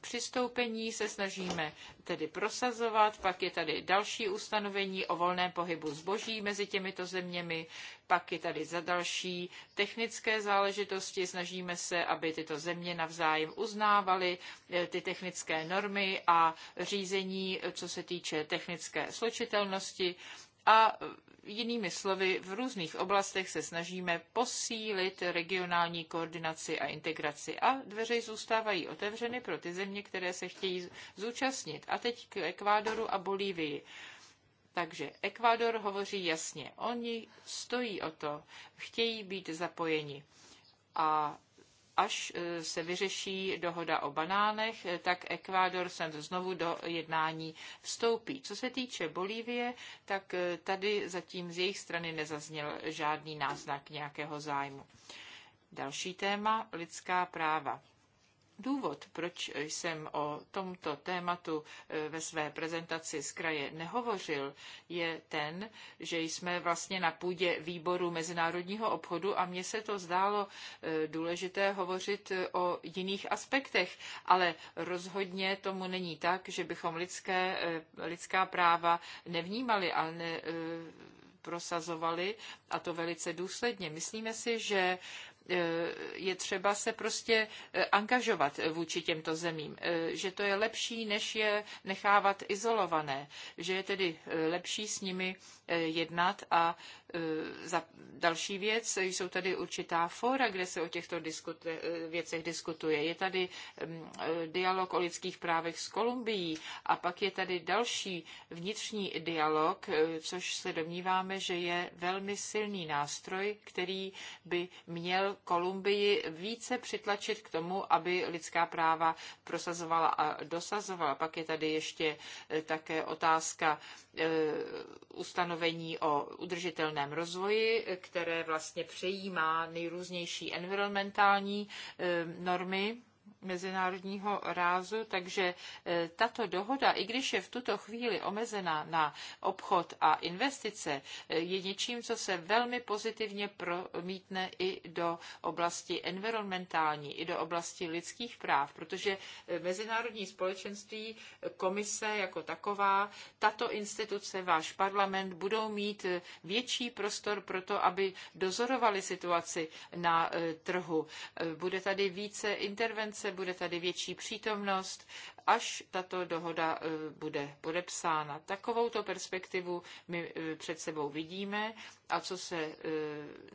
přistoupení se snažíme tedy prosazovat, pak je tady další ustanovení o volném pohybu zboží mezi těmito zeměmi, pak je tady za další technické záležitosti, snažíme se, aby tyto země navzájem uznávaly eh, ty technické normy a řízení, eh, co se týče technické slučitelnosti. a eh, Jinými slovy, v různých oblastech se snažíme posílit regionální koordinaci a integraci a dveře zůstávají otevřeny pro ty země, které se chtějí zúčastnit. A teď k Ekvádoru a Bolívii. Takže Ekvádor hovoří jasně, oni stojí o to, chtějí být zapojeni. A až eh, se vyřeší dohoda o banánech, eh, tak Ekvádor se znovu do jednání vstoupí. Co se týče Bolívie, tak eh, tady zatím z jejich strany nezazněl žádný náznak nějakého zájmu. Další téma lidská práva. Důvod, proč jsem o tomto tématu eh, ve své prezentaci z kraje nehovořil, je ten, že jsme vlastně na půdě výboru mezinárodního obchodu a mně se to zdálo eh, důležité hovořit eh, o jiných aspektech, ale rozhodně tomu není tak, že bychom lidské, lidská práva nevnímali a ne, prosazovali a to velice důsledně. Myslíme si, že E, je třeba se prostě e, angažovat vůči těmto zemím, e, že to je lepší, než je nechávat izolované, že je tedy lepší s nimi jednat a za další věc jsou tady určitá fóra, kde se o těchto diskute, věcech diskutuje. Je tady mm, dialog o lidských právech s Kolumbií a pak je tady další vnitřní dialog, což se domníváme, že je velmi silný nástroj, který by měl Kolumbii více přitlačit k tomu, aby lidská práva prosazovala a dosazovala. Pak je tady ještě eh, také otázka eh, ustanovení o udržitelném rozvoji, které vlastně přejímá nejrůznější environmentální eh, normy mezinárodního rázu, takže e, tato dohoda, i když je v tuto chvíli omezená na obchod a investice, e, je něčím, co se velmi pozitivně promítne i do oblasti environmentální, i do oblasti lidských práv, protože e, mezinárodní společenství, komise jako taková, tato instituce, váš parlament budou mít větší prostor pro to, aby dozorovali situaci na trhu. Bude tady více intervence práce, bude tady větší přítomnost, až tato dohoda e, bude podepsána. Takovouto perspektivu my e, před sebou vidíme a co se e,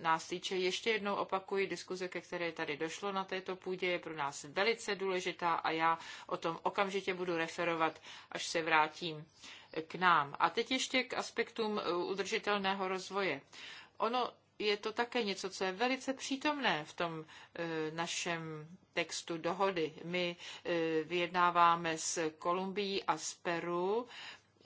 nás týče, ještě jednou opakuji, diskuze, ke které tady došlo na této půdě, je pro nás velice důležitá a já o tom okamžitě budu referovat, až se vrátím k nám. A teď ještě k aspektům udržitelného rozvoje. Ono je to také něco, co je velice přítomné v tom e, našem textu dohody. My e, vyjednáváme s Kolumbií a s Peru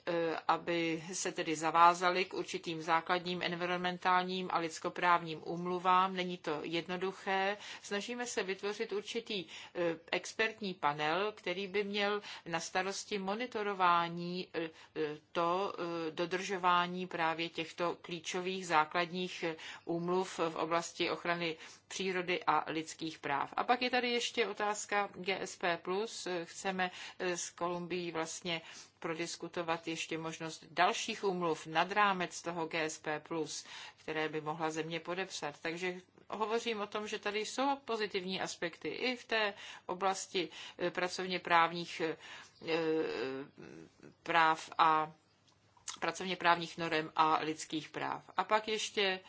E, aby se tedy zavázali k určitým základním environmentálním a lidskoprávním úmluvám. Není to jednoduché. Snažíme se vytvořit určitý e, expertní panel, který by měl na starosti monitorování e, to dodržování právě těchto klíčových základních úmluv v oblasti ochrany přírody a lidských práv. A pak je tady ještě otázka GSP+. Chceme eh, s Kolumbií vlastně prodiskutovat ještě možnost dalších umluv nad rámec toho GSP+, které by mohla země podepsat. Takže hovořím o tom, že tady jsou pozitivní aspekty i v té oblasti eh, pracovně právních eh, práv a pracovně právních norem a lidských práv. A pak ještě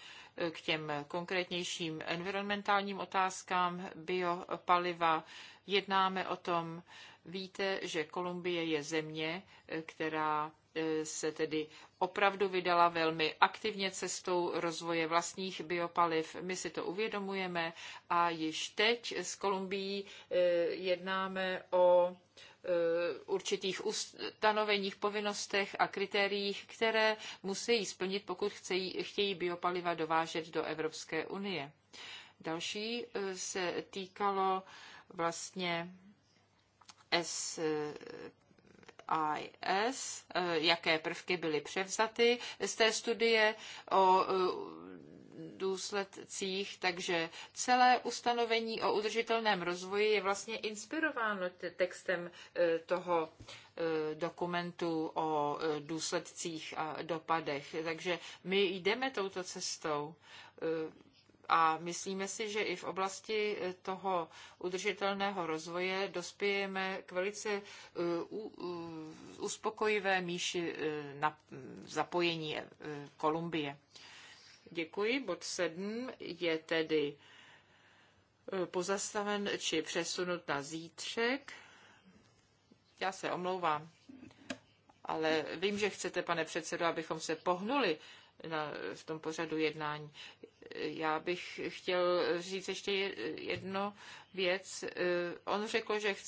k těm konkrétnějším environmentálním otázkám, biopaliva. Jednáme o tom, víte, že Kolumbie je země, která e, se tedy opravdu vydala velmi aktivně cestou rozvoje vlastních biopaliv. My si to uvědomujeme a již teď s Kolumbií e, jednáme o Eh, určitých ustanoveních, povinnostech a kritériích, které musí splnit, pokud chcejí, chtějí biopaliva dovážet do Evropské unie. Další eh, se týkalo vlastně S IS, eh, jaké prvky byly převzaty z té studie o důsledcích, takže celé ustanovení o udržitelném rozvoji je vlastně inspirováno textem eh, toho eh, dokumentu o eh, důsledcích a dopadech. Takže my jdeme touto cestou a myslíme si, že i v oblasti toho udržitelného rozvoje dospějeme k velice uspokojivé míši zapojení Kolumbie. Děkuji. Bod 7 je tedy e, pozastaven či přesunut na zítřek. Já se omlouvám, ale vím, že chcete, pane předsedo, abychom se pohnuli na, v tom pořadu jednání. Já bych chtěl říct ještě jedno věc. E, on řekl, že chce